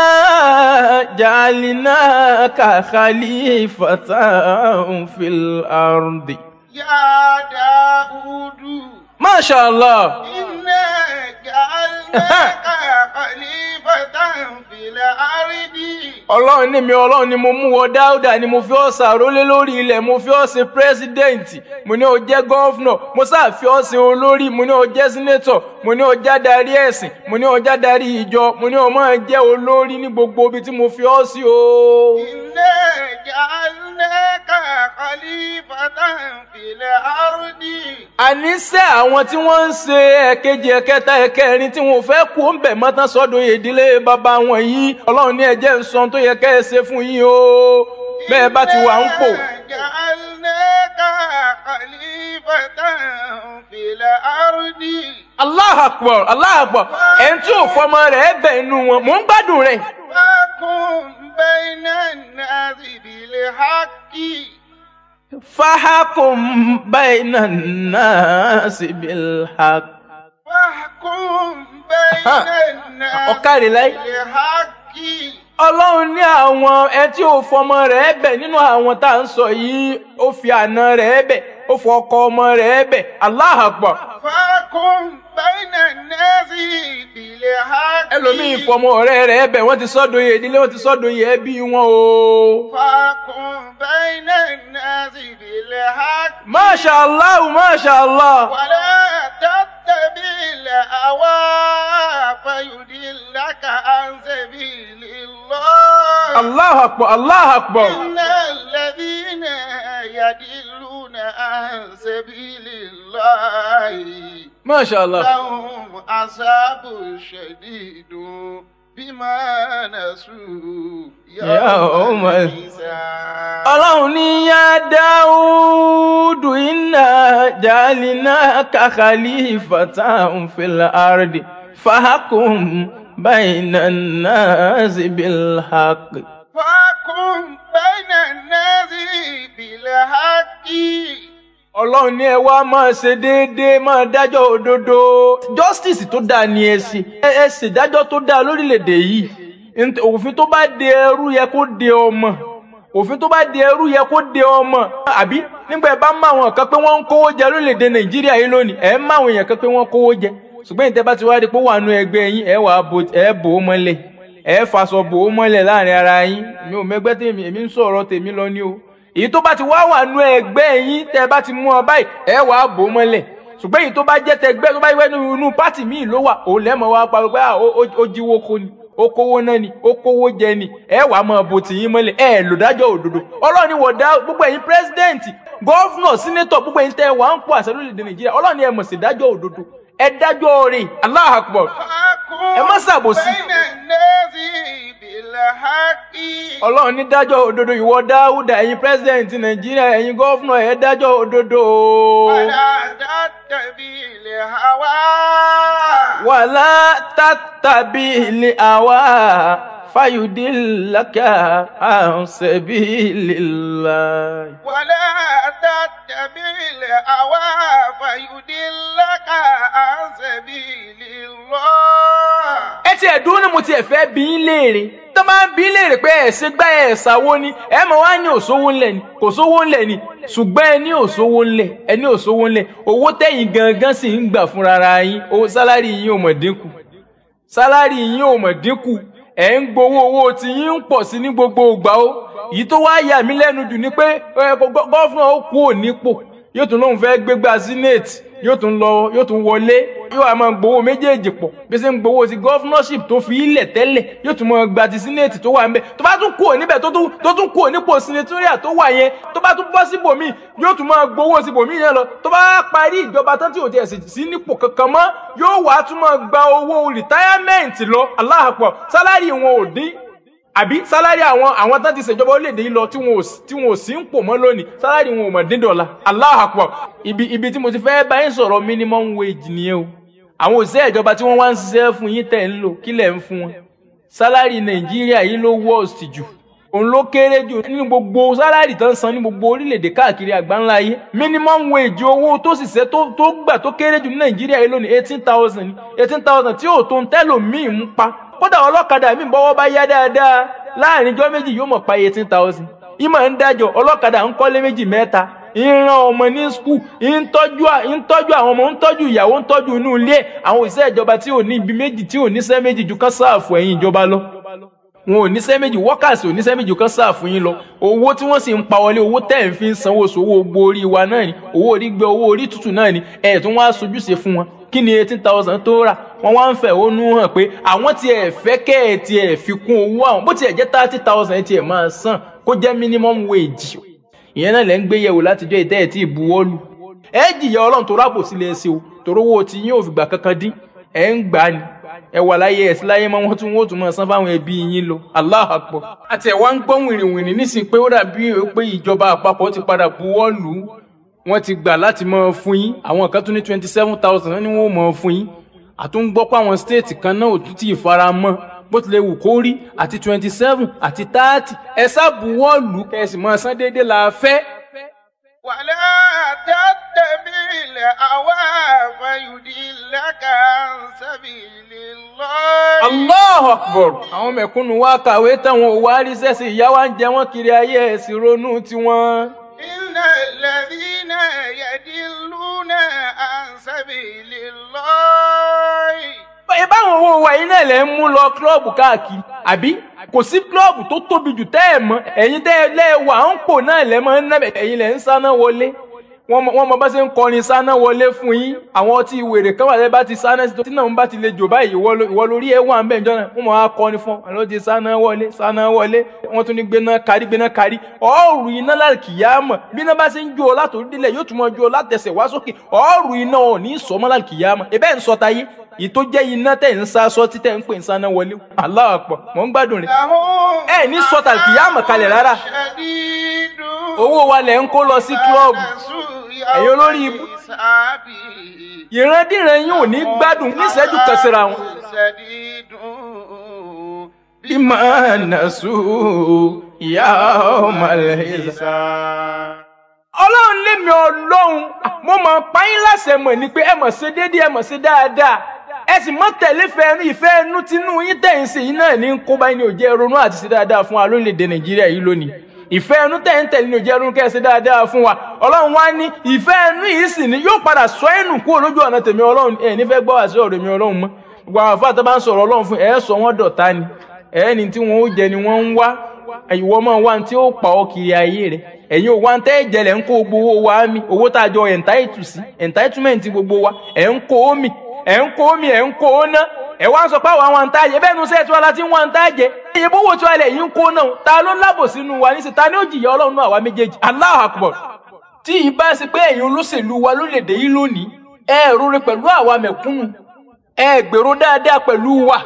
Speaker 1: ja'alnaka khalifatan fil ardi.
Speaker 3: ya Daudu.
Speaker 1: Masha Allah.
Speaker 3: Inna ja'alnaka khalifatan fil
Speaker 1: ardi. Ọlọ́run ní mi Ọlọ́run ni mo mú wọ Dáúdà ni mo fi ọ́ ṣàrólé lórí ilẹ̀ mo fi ọ́ sin pírẹ́sídẹ̀ǹtì mo ní o jẹ́ gọ́fúnọ̀ mo sáà fi ọ́ sin olórí mo ní o jẹ́ sínétọ̀ mo ní o já darí ẹ̀sìn mo ní o já darí ìjọ mo ní o máa jẹ́ olórí ní gbogbo ibi tí mo fi ọ́ sí o.
Speaker 3: Inna ja'alnaka khalifatan fil ardi.
Speaker 1: Àníṣe àwọn àwọn tí wọ́n ń ṣe ẹ̀kejì ẹ̀kẹta ẹ̀kẹrin tí wọn fẹ́ kú ń bẹ̀ mọ́tán sọ́dọ̀ ìdílé bàbá wọn yìí ọlọ́run ní ẹ̀jẹ̀ ń sọ tó yẹ kẹ́ fún yín o bẹ́ẹ̀ bá ti wà ń pò. Allahu Akbar Allahu Akbar ẹ̀ ń tí ò fọmọ rẹ̀ ẹ bẹ̀ inú wọn mò ń gbádùn rẹ̀.
Speaker 3: bákan bẹ́ẹ̀ náà ní àzìbìlẹ̀ hákì.
Speaker 1: فاحكم بين الناس بالحق
Speaker 3: فاحكم
Speaker 1: بين
Speaker 3: الناس ọ̀kàrí
Speaker 1: ọlọ́run ní àwọn ẹ tí ò fọmọ rẹ̀ bẹ̀ nínú àwọn tá à ń yìí ó fi àna rẹ̀ bẹ̀ ó ọmọ rẹ̀ bẹ̀ Allahu
Speaker 3: ẹlòmíì fọmọ ọ̀rẹ́
Speaker 1: rẹ̀ ẹ̀bẹ̀ wọ́n ti sọ́dọ̀ yẹ ìdílé wọ́n ti sọ́dọ̀ yẹ ẹbí wọn o.
Speaker 3: fàkùn bẹ́ẹ̀nẹ̀ náà sì bìlẹ̀ ha.
Speaker 1: Masha Allah, Allah.
Speaker 3: wàlẹ́ tẹ́tẹ́. تتبع الهوى فيدلك عن سبيل الله الله أكبر الله أكبر إن الذين يدلون عن سبيل الله ما شاء الله لهم عذاب شديد بما نسوا يا أم
Speaker 1: أروني يا داود إنا جعلناك خليفة في الأرض فحكم بين الناس بالحق
Speaker 3: فحكم بين الناس بالحق
Speaker 1: ọlọ́run ní ẹ wá máa ṣe déédéé máa dájọ́ òdodo justice tó dáa ni ẹ sí ẹ ṣèdájọ́ tó dáa lórílẹ̀‐èdè yìí òfin tó bá de ẹrú yẹ kó de ọmọ òfin tó bá de ẹrú yẹ kó de ọmọ àbí nígbà ẹ bá mọ àwọn kan pé wọ́n ń kówó jẹ lórílẹ̀‐èdè nàìjíríà yìí lónìí ẹ mọ àwọn èèyàn kan pé wọ́n kówó jẹ ṣùgbọ́n ìtẹ́ bá ti wá di pé wà nú ẹgbẹ́ yín ẹ wà ẹ bò ó mọ́lẹ̀ ẹ fàṣọ bò ó mọ́lẹ̀ láàrin ara yín mi ò mẹ́gbẹ́ tèmi èmi ń sọ̀rọ̀ tèmi lọ ní o èyí tó bá ti wá wà nú ẹgbẹ́ yín tẹ́ ẹ bá ti mú ọ báyìí ẹ wà á bò mọ́lẹ̀ ṣùgbọ́n èyí tó bá jẹ́ tẹgbẹ́ tó bá yẹ inú pátì míì ló wà òun lẹ́mọ̀ wá pa pé ó jíwó kó ni ó kówó náà ni ó kówó jẹ ni ẹ wà á máa bò tìyín mọ́lẹ̀ ẹ lò dájọ́ òdodo ọlọ́run ni wọ̀dá gbogbo ẹ̀yin pírẹ́sidẹ́ǹtì gọ́fúnọ̀ sínátọ̀ gbogbo ẹ̀yin tẹ́ wà ń pọ̀ ni ẹ mọ̀ sí dájọ́ òdodo ẹ dájọ́ rè Allahu Akbar
Speaker 3: ẹ má ṣàbòsí ọlọ́run ní dájọ́
Speaker 1: òdodo ìwọ dáúdà ẹ̀yin pírẹ́sidẹ̀ntì nàìjíríà ẹ̀yin gọ́fúnà ẹ̀ dájọ́ òdodo. wàlá tàbí ilé àwa fayudillaka an sabilillah.
Speaker 3: wala tattabil hawa fayudillaka an sabilillah.
Speaker 1: ẹ ti ẹ̀dùn ni mo ti ẹ̀ fẹ́ bí ń léèrè tó máa ń bí léèrè pé ẹ̀sìn gbá ẹ̀sàwó ni ẹ mọ̀ wá ní òṣòwò ńlẹ̀ ni kò sówó ńlẹ̀ ni ṣùgbọ́n ẹni òṣòwò ńlẹ̀ ẹni òṣòwò ńlẹ̀ owó tẹ̀yìn gangan sì ń gbà fúnra ara yín owó sálárì yín ò mọ̀ dínkù sálárì yín ò mọ̀ dínkù ẹ̀ ń gbowó owó tí yín ń pọ̀ sí ní gbogbo ìgbà o yìí tó wá yà mí lẹ́nu jù ni pé gọ́fúnà ó kú ò nípò yóò tún lóun fẹ́ gbégbá senate yóò tún lọ yóò tún wọlé yóò wá máa gbowó méjèèjì pọ̀ bí ṣe ń gbowó sí governorship tó fi ilẹ̀ tẹ́lẹ̀ yóò tún máa gba ti senate tó wà ń bẹ̀ tó bá tún kúrò níbẹ̀ tó tún kúrò nípò senatorial tó wà yẹn tó bá tún bọ́ síbòmíì yóò tún máa gbowó síbòmíì yẹn lọ tó bá parí ìjọba tán tí ò tiẹ̀ sí nípò kankan mọ́ yóò wá tún máa gba owó retirement lọ Allahu Akbar sálárì wọn ò dín àbí sálárì àwọn àwọn tán ti ṣèjọba orílẹ̀-èdè yìí lọ tí wọn ò tí wọn ò sí ń pò mọ́ lónìí sálárì wọn ò mọ̀ dín dọ́là Allahu ibi ibi tí mo ti fẹ́ bá sọ̀rọ̀ minimum wage nìyẹn o àwọn òṣìṣẹ́ ìjọba tí wọ́n wá ń ṣiṣẹ́ fún yín tẹ̀ ń lò kí lẹ̀ ń fún wọn sálárì Nàìjíríà yìí ló worst jù òun ló kéré jù nínú gbogbo sálárì tán san ní gbogbo orílẹ̀-èdè káàkiri àgbáńlá yìí minimum wage owó tó sì ṣe tó gbà tó kéré jù ní Nàìjíríà yìí lónìí eighteen thousand eighteen thousand tí òòtó ń tẹ́lòmíì ń pa kódà ọlọ́kadà mi bọ́wọ́ bá yá dáadáa láàrin ijọ́ méjì yóò mọ̀ pa eighteen thousand ìmọ̀ ń dájọ́ ọlọ́kadà ń kọ́lé méjì mẹ́ta ìran ọmọ ní skul ń tọ́jú àwọn ọmọ ń tọ́jú ìyàwó ń tọ́jú inú ilé àwọn òṣìṣẹ́ ìjọba tí ò ní ibi méjì tí ò níṣẹ́ méjì ju kán sáàfù ẹ̀yìn ìjọba lọ wọn ò níṣẹ́ méjì wọ́kàsì ò níṣẹ́ méjì kan sáàfù yín lọ owó tí wọ́n sì ń pa wọlé owó tẹ̀ ń fi ń sanwó oṣù owó gbogbo orí wa náà ni owó orí gbẹ owó orí tútù náà ni ẹ̀ tún wá sojúṣe fún wọn kí ni eighteen thousand tó rà wọ́n wá ń fẹ̀hónú hàn pé àwọn tiẹ̀ fẹ́ kẹ́ ẹ̀ tiẹ̀ fi kún owó àwọn bó tiẹ̀ jẹ́ thirty thousand ẹ̀ tiẹ̀ máa san kó jẹ́ minimum wage ìyẹn náà lẹ́ ń gbé yẹ̀wò látijọ́ ìtẹ́ ẹ̀ tí ì buwọ́lù ẹ jìyà ọlọ́run tó rábò sílẹ̀ ẹ ṣe o torówó tí yín ò fìgbà kankan dín ẹ ń gbà ni ẹ wà láyé ẹ sí láyé mọ wọn tún wọn tún máa san fáwọn ẹbí yín lọ Allahu Akbar. àti ẹ̀ wá ń gbọ́ wìrìwìrì nísìnyí pé ó dàbí pé ìjọba àpapọ̀ ti padà buwọ́ lù ú wọ́n ti gbà láti máa fún yín àwọn kan tún ní twenty seven thousand ní wọ́n máa fún yín àtún gbọ́ pé àwọn stéètì kan náà ò tún ti fara mọ́ bó tilẹ̀ wù kó rí àti twenty seven àti thirty ẹ sábùwọ́ọ̀lù kẹsì mọ́ san déédéé la fẹ́.
Speaker 3: wàlẹ́ àtẹ́tẹ̀mí ilẹ̀ àwa àfẹ́yùdí lẹ́ka sábìlì lọ́ọ̀rì. Allahu
Speaker 1: Akbar àwọn mẹ̀kúnnù wa kàwé táwọn ò wá rí sẹ́sì ìyá wa ń jẹ wọ́n kiri ayé ẹ̀sìn ronú tiwọn. إن الذين
Speaker 3: يدلون عن سبيل الله
Speaker 1: ìbáwọn owó wa yìí náà lè ń mú lọ kílọ̀bù káàkiri àbí kò sí kílọ̀bù tó tóbi jù tẹ́ ẹ̀ mọ́ ẹ̀yin tẹ́ ẹ lẹ́ẹ̀ wà ń pò náà lẹ́ mọ́ ẹ̀yin lẹ́ ń sáná wọlé wọ́n mọ bá ṣe ń kọrin sáná wọlé fún yín àwọn ọtí wèrè kan wà lẹ́bàá ti sáná sí tó tí náà ń bá ti lè jò báyìí ìwọ lórí ẹ̀ wà ń bẹ̀ jọ́nà wọ́n mọ̀ á kọrin fún ọ àlọ́ ti sáná wọlé sáná wọlé wọ́n tún ní gbéná kárí gbéná kárí ọ̀ọ́rù iná lálùkìyàmọ̀ bí iná bá ṣe ń jó o látòrí délẹ̀ yóò tún mọ jó o látẹsẹ̀ wá sókè ọ̀ọ́rù iná ò ní sọmọ́ lálùkìyàmọ̀ ẹ̀bẹ́ ń sọ tayé ìtó jẹ́ iná tẹ̀ ń sá sọ títẹ̀ ń pè ń sáná wọlé Allahu Akbar mọ̀ ń gbádùn rẹ̀ ẹ̀ ní sọ́tà kìyàmọ̀ kalẹ̀ rárá owó wa lẹ̀ ń kó lọ sí kílọ̀bù
Speaker 3: ẹ̀yin olórí ibú
Speaker 1: ìrandíran yín ò ní gbádùn níṣẹ́jú kan síra wọn. bímọ nàṣù ìyá ọmọ lẹ́yìnsá. ọlọ́run lémi ọlọ́run mo máa pa yín mọ̀ ni pé ẹ mọ̀ ṣe déédéé ẹ mọ̀ ṣe dáadáa ẹ sì mọ tẹ̀lé fẹ́ẹ́nu ìfẹ́ ẹnu tinú yín tẹ̀yìn sí yín náà ní kóbá yín ní òjẹ́ ronú àti ṣe dáadáa fún wa lórílẹ̀ nàìjíríà yìí lónìí ìfẹ́ ẹnu tẹ̀ǹtẹ̀ nínú jẹ́rú kẹ́sí dáadáa fún wa ọlọ́run wá ní ìfẹ́ ẹnu yìí sì ni yóò padà sọ ẹnu kúrò lójú ọ̀nà tèmi ọlọ́run ẹ̀ nífẹ̀ẹ́ gbọ́ wá sí ọ̀rọ̀ mi ọlọ́run mọ́ gbogbo àwọn àfáà tó bá ń sọ̀rọ̀ ọlọ́run fún ẹ̀ sọ wọ́n dọ̀tá ni ẹ̀ ní tí wọ́n ó jẹ ni wọ́n ń wá ìwọ máa wá tí ó pa ọ kiri ayé rẹ ẹ̀yin ò wá ń ń kó gbogbo wa mi owó tá a jọ entitlement gbogbo wa ẹ̀ ń kó omi ẹ̀ ń kó mi ẹ̀ ń kó ná ẹ wá sọ pé àwọn àwọn àǹtá yẹ bẹ́ẹ̀ nu sẹ́ẹ̀ tí wọ́n la ti ń wọ́n àǹtá yẹ bówó tí yín ta ló lábò sínú wa níṣẹ́ ta ni ó jìyà méjèèjì tí ṣe pé olóṣèlú wa lónìí ẹ rúre àwa ẹ gbèrò dáadáa wa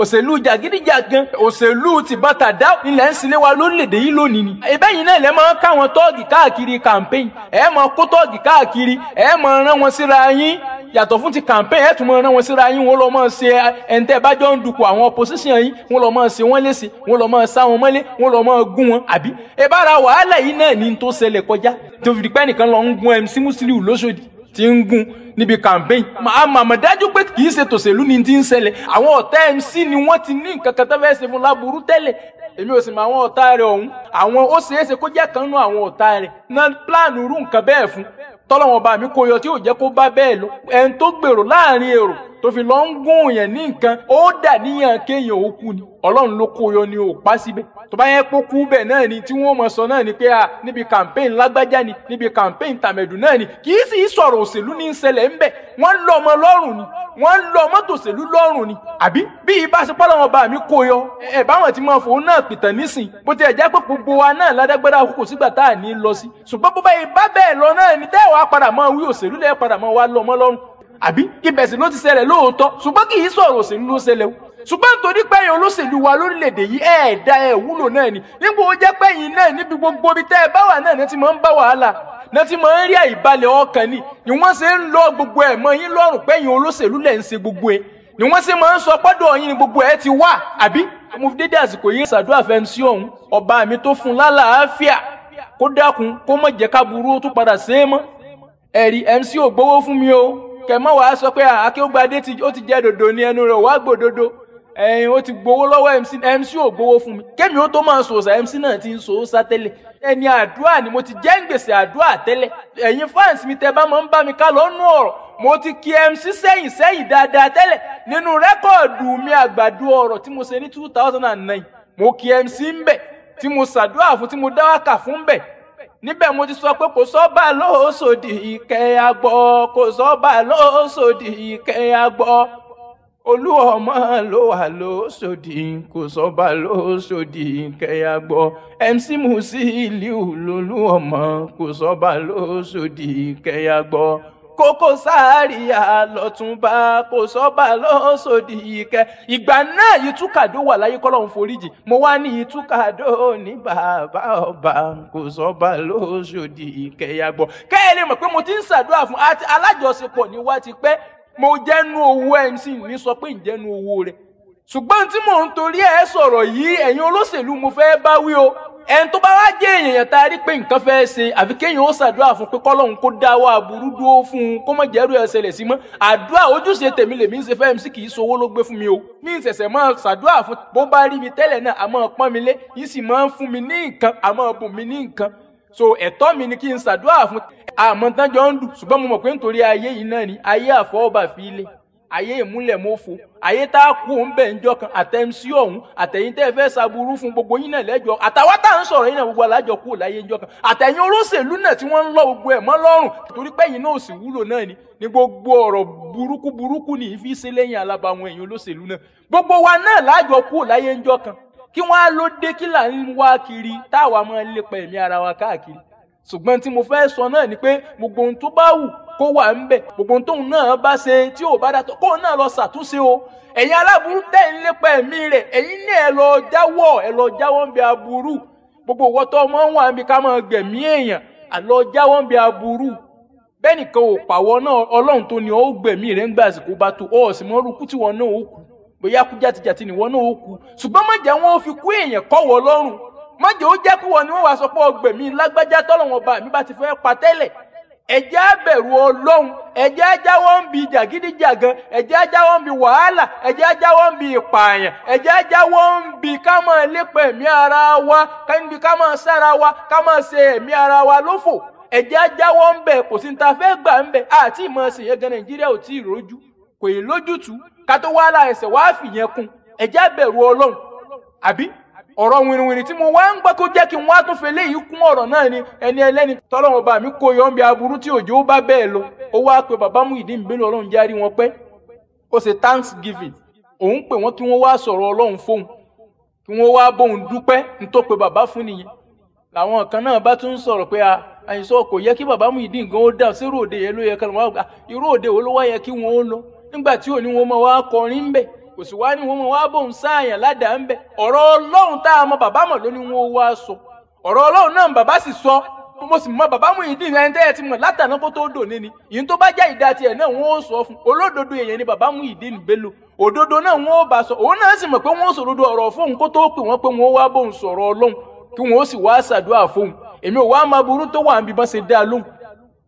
Speaker 1: òṣèlú jàgídíjàgan òṣèlú ti bàtà dá ilẹ̀ ń sinlé wa lórílẹ̀‐èdè yìí lónìí ni. ìbẹ́yìn náà lẹ́ máa ń káwọn tọ́ọ̀gì káàkiri campaign ẹ̀ máa kó tọ́ọ̀gì káàkiri ẹ̀ máa rán wọn síra yín yàtọ̀ fún ti campaign ẹ̀ tún máa rán wọn síra yín wọn lọ máa ṣe ẹ̀ǹtẹ́ ìbájọ́ ń dupò àwọn opposition yín wọn lọ máa ṣe wọ́n léṣe wọn lọ máa sá wọn mọ́lé wọn lọ máa gún wọn àbí. ìbára wàhálà yìí náà ni tó ṣẹlẹ̀ kọjá tó fi nìkan lọ ń gún MC Musiliu lóṣòdì ti ń gún níbi campaign àmọ́ àmọ́ dájú pé kì í ṣe tòṣèlú ni ti ń ṣẹlẹ̀ àwọn ọ̀tá MC ni wọ́n ti ní nǹkan kan tó fẹ́ ṣe fún láburú tẹ́lẹ̀ èmi ò sì mọ àwọn ọ̀tá rẹ̀ ọ̀hún àwọn ó ṣeé ṣe kó jẹ́ kan nú àwọn ọ̀tá rẹ̀ náà plan irú nǹkan bẹ́ẹ̀ fún tọ́lọ́wọ́n ọba mi kò yọ tí ò jẹ́ kó bá bẹ́ẹ̀ lọ ẹni tó gbèrò láàrin èrò tó fi lọ ń gún yẹn ní nǹkan ó dà níyàn kéèyàn ó kú ni ọlọ́run ló kó yọ ni ò pa síbẹ̀ tó bá yẹ kó kú bẹ̀ náà ni tí wọ́n mọ̀ sọ náà ni pé a níbi campaign lágbájá ni níbi campaign tàmẹ̀dù náà ni kì í sì í sọ̀rọ̀ òṣèlú ní ṣẹlẹ̀ ń bẹ̀ wọ́n lọ ọmọ lọ́rùn ni wọ́n lọ mọ́tò òṣèlú lọ́rùn ni àbí bí ibà ṣe pọ́ lọ́wọ́ bá mi kó yọ ẹ̀ báwọn ti máa fòun náà pìtàn nísìn bó ti ẹ̀ jẹ́ pé gbogbo wa náà ládágbádá àkókò sígbà tá à ní lọ sí ṣùgbọ́n bó bá ibà bẹ́ẹ̀ lọ náà ni tẹ́ẹ̀ wá padà máa wí òṣèlú lẹ́ẹ̀ padà máa wá lọ lọ́rùn àbí ibẹ̀ sì ló ti ṣẹlẹ̀ lóòótọ́ ṣùgbọ́n kì í sọ̀rọ̀ òṣèlú ló ṣẹlẹ̀ o ṣùgbọ́n nítorí pẹ́yìn olóṣèlú wa lórílẹ̀‐èdè yìí ẹ̀ẹ́dá ẹ̀ wúlò náà ni nígbà ó jẹ́ pẹ́yìn náà níbi gbogbo ibi tẹ́ ẹ bá wà náà ní ti máa ń bá wàhálà ní ti máa ń rí àìbalẹ̀ ọkàn ni ni wọ́n ṣe ń lọ gbogbo ẹ̀ mọ́ yín lọ́rùn pẹ́yìn olóṣèlú lẹ̀ ń ṣe gbogbo ẹ̀ ni wọ́n ṣe máa ń sọ pọ́dọ̀ yín ni gbogbo ẹ̀ ti wà àbí mo fi dédé àsìkò yìí ṣàdúrà fẹ́ǹsì ọ̀hún ọba mi tó fún lálàáfíà kó dákun kó má jẹ́ ká burú ó tún padà ṣe é mọ́ ẹ̀rí MC ò gbowó fún mi o kẹmọ wàá sọ pé akéwògbadé ó ti jẹ dòdò ní ẹnu rẹ wàá gbòdodo ẹyin ó ti gbowó lọ́wọ́ mc mc ò gbowó fún mi kémi ó tó máa sòòsà mc náà ti ń sòòsà tẹ́lẹ̀ ẹni àdúrà ni mo ti jẹ́ ń gbèsè àdúrà tẹ́lẹ̀ ẹ̀yin fans mi tẹ́ bá máa ń bá mi ká lọ́nù ọ̀rọ̀ mo ti kí mc sẹ́yìn sẹ́yìn dáadáa tẹ́lẹ̀ nínú rẹ́kọ̀dù mi àgbàdo ọ̀rọ̀ tí mo ṣe ní two thousand and nine mo kí mc ń bẹ̀ tí mo ṣàdúrà fún tí mo dáwàkà fún bẹ̀ níbẹ̀ mo ti sọ pé kò sọ́ba lóòsòdì ìkẹ́ agbọ́ kò sọ́ba lóòsòdì ìkẹ́ agbọ́ olúọmọ ló wà lóòsòdì kò sọ́ba lóòsòdì ìkẹ́ agbọ́ MC Musiliu lolúọmọ kò sọ́ba lóòsòdì ìkẹ́ agbọ́ kókó sáàríà lọ́túnba kò sọ́ba lọ́sọ̀dì ìkẹ́ ìgbà náà ìtúkàdó wà láyé kọ́lọ́hún foríjì mo wá ní ìtúkàdó ní bàbá ọba kò sọ́ba lọ́sọ̀dì ìkẹ́ yàgbọ́. kẹ́ẹ̀ lè mọ̀ pé mo ti ń ṣàdúrà fún àti alájọṣepọ̀ ni wá ti pẹ́ mo jẹ́nu owó mc ní sọ pé ìjẹ́nu owó rẹ̀ ṣùgbọ́n tí mò ń torí ẹ̀ sọ̀rọ̀ yìí ẹ̀yin olóṣèlú mo fẹ́ bá wí o ẹni tó bá wá jẹ́ èèyàn tá a rí pé nǹkan fẹ́ ṣe àfi kéèyàn ó ṣàdúrà fún pé kọ́lọ́hún kó dáwọ́ aburú dúró fún un kó mọ̀ jẹ́rú ẹ̀ ṣẹlẹ̀ sí mọ́ àdúrà ojúṣe tèmi lèmi ń ṣe fẹ́ MC kì í sowó ló gbé fún mi o mi ń ṣẹ̀ṣẹ̀ máa ṣàdúrà fún bó bá rí mi tẹ́lẹ̀ náà àmọ́ pọ́n mi lé yìí sì máa ń fún mi ní nǹkan àmọ́ bùn mi ní nǹkan so ẹ̀tọ́ mi ni kí n ṣàdúrà fún àmọ́ tán jọ ń dù ṣùgbọ́n mo mọ̀ pé nítorí ayé yìí náà ni ayé àfọwọ́bà fi lé ayé ìmúlẹ̀mọ́fo ayé tá a kú òun bẹ̀ ń jọ kan àtẹ̀mísí ọ̀hún àtẹ̀yìn tẹ́ ẹ fẹ́ ṣàbùrú fún gbogbo yín náà lẹ́jọ́ àtàwọn tá à ń sọ̀rọ̀ yín náà gbogbo alájọ kú láyé ń jọ kan àtẹ̀yìn olóṣèlú náà tí wọ́n ń lọ gbogbo ẹ̀ mọ́ lọ́rùn torí pé yín náà sì wúlò náà ni ní gbogbo ọ̀rọ̀ burúkú burúkú ni ìfi ṣe lẹ́yìn alábàwọn èèyàn olóṣèlú náà gbogbo wa náà lájọ kú láyé ń jọ kan kí wọ́n á ló dé kí là ń wá kiri táwa máa ń lépa ẹ̀mí ara wa káàkiri ṣùgbọ́n tí mo fẹ́ sọ náà ni pé gbogbo ohun tó bá wù kó wà ń bẹ̀ gbogbo tóun náà bá ṣe tí ò bá dàtọ̀ kóun náà lọ ṣàtúnṣe o ẹ̀yin aláburú tẹ̀ ń lépa ẹ̀mí rẹ̀ ẹ̀yin náà ẹ lọ jáwọ́ ẹ lọ jáwọ́ ń bẹ aburú gbogbo wọ́tọ́ ọmọ ń wà ń bi ká máa gbẹ̀mí èèyàn àlọ́ jáwọ́ ń bẹ aburú bẹ́ẹ̀ nìkan ò pàwọ́ náà ọlọ́run tó ní ó gbẹ̀mí rẹ̀ ń gbà àsìkò bá tó ọ̀ sì mọ́ rúkú tí wọn náà ó kú bóyá kú jàtijàti nìwọ náà ó kú ṣùgbọ́n má jẹ́ wọn fi kú èèyàn kọ́wọ́ lọ́rùn má jẹ́ ó jẹ́ pé wọn ni wọ́n wá sọ pé ọgbẹ̀mí lágbájá tọ́lọ́wọ́n bá mi bá ti fẹ́ pa ẹjẹ́ bẹ̀rù ọlọ́run ẹjẹ́ jáwọ́ ń bi jàgídíjàgan ẹjẹ́ jáwọ́ ń bi wàhálà ẹjẹ́ jáwọ́ ń bi ìpààyàn ẹjẹ́ jáwọ́ ń bi ká máa ẹ̀mí ara wa níbi ká sára wa ṣe ẹ̀mí ara wa lófò ń kò sí ní ta gbà ń àti yẹn gan nàìjíríà ò tí ì kò ọ̀rọ̀ wìrìwìrì tí mo wá ń gbọ́ kó jẹ́ kí n wá tún fi léyìí kún ọ̀rọ̀ náà ni ẹni ẹlẹ́ni tọ́lọ́run mi kó yọ̀ ń bi aburú tí òjò bá bẹ́ẹ̀ lọ ó wá bàbá ọlọ́run wọn pẹ́ ó ṣe thanksgiving òun pè wọ́n kí wọ́n wá sọ̀rọ̀ ọlọ́run fóun kí wọ́n wá bóun dúpẹ́ tó pe bàbá fún nìyẹn làwọn kan náà bá tún sọ̀rọ̀ kò sì wá ní wọn mọ wá bóun sáàyàn ládàá ń bẹ ọ̀rọ̀ Ọlọ́run tá a mọ bàbá mọ ló ní wọn ó wá sọ ọ̀rọ̀ Ọlọ́run náà bàbá sì sọ mo sì mọ bàbá Muyideen ẹni tẹ́yẹ ti mọ̀ látàná kó tó dòní ni yìí tó bá jẹ́ ìdá tiẹ̀ náà wọ́n ó sọ fún olódodo èèyàn ni bàbá Muyideen Bello òdodo náà wọ́n ó bá sọ òun náà sì mọ̀ pé wọ́n ó sòdodo ọ̀rọ̀ fóun kó tó pè wọ́n pé wọ́n ó wá bóun sọ̀rọ̀ Ọlọ́run kí wọ́n ó sì wá ṣàdúrà fóun èmi ò wá máa burú tó wà ń bíbọn ṣe dá lóhùn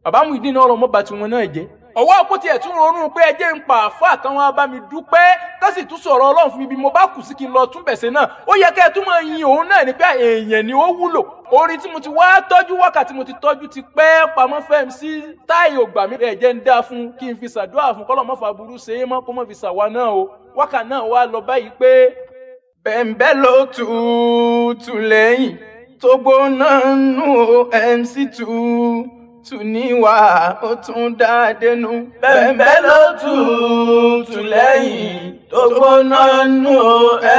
Speaker 1: bàbá Muyideen náà ọ̀rọ̀ mọ́ bá tiwọn náà jẹ́ ọwọ́ àpótí ẹ̀ tún ronú pé ẹjẹ́ ń pa àfáà kan wá dúpẹ́ ká tún sọ̀rọ̀ ọlọ́run fún mi bí mo bá kù sí kí n lọ tún bẹ̀sẹ̀ náà ó yẹ kẹ́ ẹ tún máa yin òun náà ni pé èèyàn ni ó wúlò orin tí mo ti wá tọ́jú wákàtí mo ti tọ́jú ti pẹ́ pamọ́ fẹ́m sí táyì ògbà mi ẹ̀jẹ̀ ń dá fún kí n fi ṣàdúrà fún kọ́lọ́ mọ́fà burú ṣe é mọ́ kó mọ́ fi ṣàwa náà o wákà náà wá lọ báyìí pé bẹ̀ǹbẹ̀ ló tùtù lẹ́yìn tó gbóná nù mc two tù níwà ó tún dá dénú. bẹ́ẹ̀ ló tù tù lẹ́yìn tó gbóná nù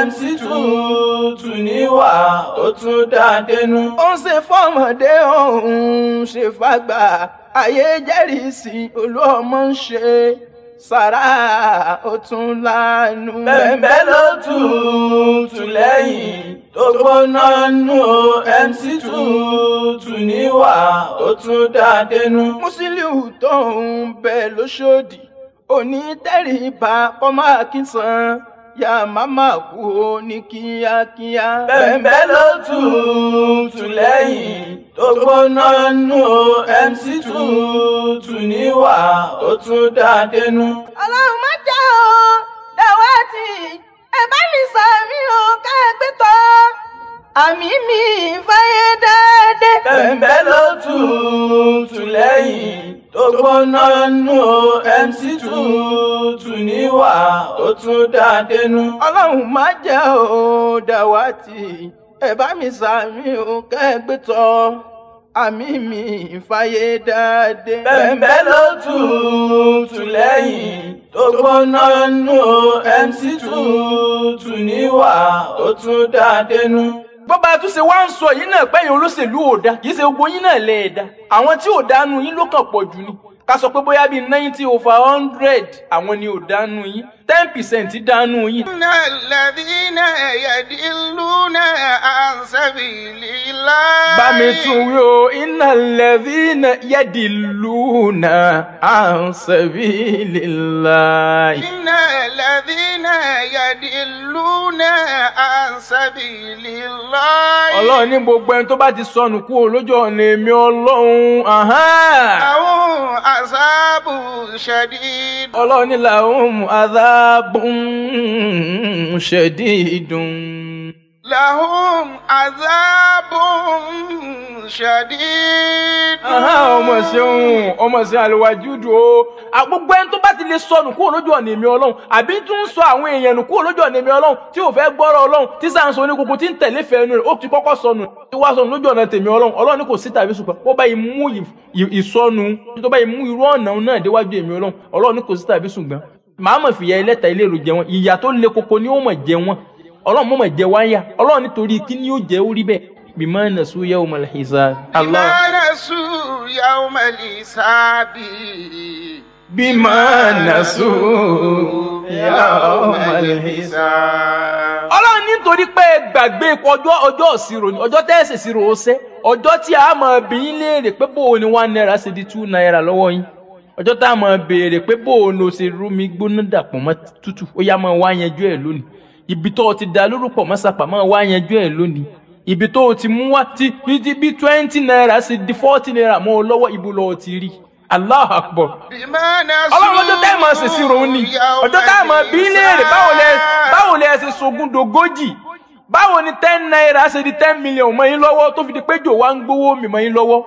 Speaker 1: mc tù tù níwà ó tún dá dénú. ó ń ṣe fọ́mọdé òun ṣe fàgbà ayé jẹ́rìí sí olú ọmọ ń ṣe sàrà ó tún lánú. bẹ́ẹ̀ ló tutù lẹ́yìn tó gbóná nù ó mc tutù níwà ó tún dá dénú. Musiliu tó ń bẹ lóṣòdì onítẹ̀rìbà kọ́má kìsàn ya màmá kú ó ní kíákíá. bẹ́ẹ̀ ló tutù lẹ́yìn tó gbóná mc tuntun níwà ó tún dá dénú.
Speaker 2: ọlọ́run má jẹ́ o dàwátì ẹ bá mi sàmì o ká ẹ àmì mi fáyé dáadé. bẹ̀m̀bẹ̀
Speaker 1: ló tuntun lẹ́yìn tó mc tuntun níwà ó tún dá dénú. ọlọ́run má jẹ́ o dàwátì ẹ bá mi sàmì o kẹ́gbẹ́tọ̀ àmì mi ìfàyè dáadé. bẹ̀m̀bẹ̀ ló tutù lẹ́yìn tó gbóná nù mc tutù níwà ó tún dáadé nù bó bá tún ṣe wá ń sọ yìí náà pẹ́yìn olóṣèlú ò da kì í ṣe gbogbo yín náà lè da àwọn tí ò dánú yín ló kàn pọ̀ jù ni ká sọ pé bóyá bíi ninety over hundred àwọn ni ò dánú yín ten percent dánú yín.
Speaker 3: alladhina yadilluna an sabilillah. bá mi tún
Speaker 1: wí o alladhina yadilluna an sabilillah.
Speaker 3: alladhina yadilluna an sabilillah. ọlọ́run ní
Speaker 1: gbogbo ẹni tó bá ti sọnù kúrò lójú ọ̀nà èmi ọlọ́run.
Speaker 3: àwọn àṣàbù ṣẹ̀dí.
Speaker 1: ọlọ́run ní làwọn àṣàbù. عذاب شديد
Speaker 3: لهم عذاب شديد.
Speaker 1: ọmọ ṣeun ọmọ ṣeun àlùwàjúdù o gbogbo ẹni tó bá ti lè sọnù kúrò lójú ọ̀nà èmi ọlọ́run àbí tún ń sọ àwọn èèyàn nù kúrò lójú ọ̀nà èmi ọlọ́run tí ò fẹ́ gbọ́rọ̀ ọlọ́run tí sáà ń sọ oníkókó tí ń tẹ̀lé fẹ́ ẹnu rẹ̀ ó ti kọ́kọ́ sọnù tí wàá sọnù lójú ọ̀nà tèmi ọlọ́run ọlọ́run ní kò sí tàbí ṣùgbọ́n ó bá yìí mú ìsọnù tó bá mú irú ọ̀nà náà déwájú èmi ọlọ́run ọlọ́run ní kò sí tàbí ṣùgbọ́n màá mọ̀ fìyà ẹlẹ́ta ilé èrò jẹ wọn ìyà tó le koko ni ó mọ̀ jẹ wọn ọlọ́run mọ̀ mọ̀ jẹ wá yá ọlọ́run nítorí kí ni yóò jẹ́ orí bẹ́ẹ̀ bímọ nàṣú yà ọmọ lẹ́hìnsá. bímọ
Speaker 3: nàṣú yà ọmọ lẹ́hìnsá bí.
Speaker 1: bímọ nàṣú
Speaker 3: yà ọmọ lẹ́hìnsá.
Speaker 1: ọlọ́run nítorí pé gbàgbé ọjọ́ ọjọ́ ìṣirò ni ọjọ́ tẹ́sí ìṣirò ó ṣe ọjọ́ tí a máa bi yín léèrè pé bó o ní one naira ṣe di two naira lọ́wọ́ yín ọjọ́ tá a máa béèrè pé bó o lo ṣe rú mi gbóná dàpọ̀ mọ́ tútù ó yá máa wá yanjú ẹ̀ lónìí ibi tó o ti dà lórúkọ mọ́sàpá máa wá yanjú ẹ̀ lónìí ibi tó o ti mú wá tí títí bí twenty naira sí di forty naira mọ́ ọ lọ́wọ́ ibo lọ́ọ́ ti rí Allahu Akbar
Speaker 3: ọlọ́run ọjọ́ tá a máa ṣèṣì ròun ni ọjọ́ tá a máa bí léèrè báwo
Speaker 1: lẹ ṣe sogún dogójì báwo ni ten naira ṣe di ten million mọ́ yín lọ́wọ́ tó fi di pé jò wá ń gbowó mi mọ́ yín lọ́wọ́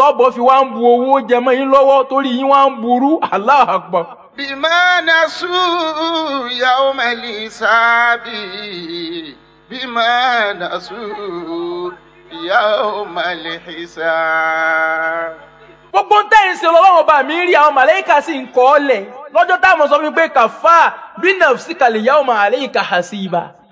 Speaker 1: tọ́bọ̀ fi wá ń bu owó jẹmọ́ yín lọ́wọ́ torí yín wá ń burú Allahu Akbar.
Speaker 3: bima nasu yawmal
Speaker 1: hisabi
Speaker 3: bima nasu yawmal hisabi.
Speaker 1: gbogbo ń tẹ̀yìn sí ọlọ́wọ́ bá mi rí àwọn màlẹ́kà sí ń kọ́ ọ lẹ̀ lọ́jọ́ táwọn sọ fún mi pé kàfá bí nàfsí kàlẹ̀ yawma alayka hasiba.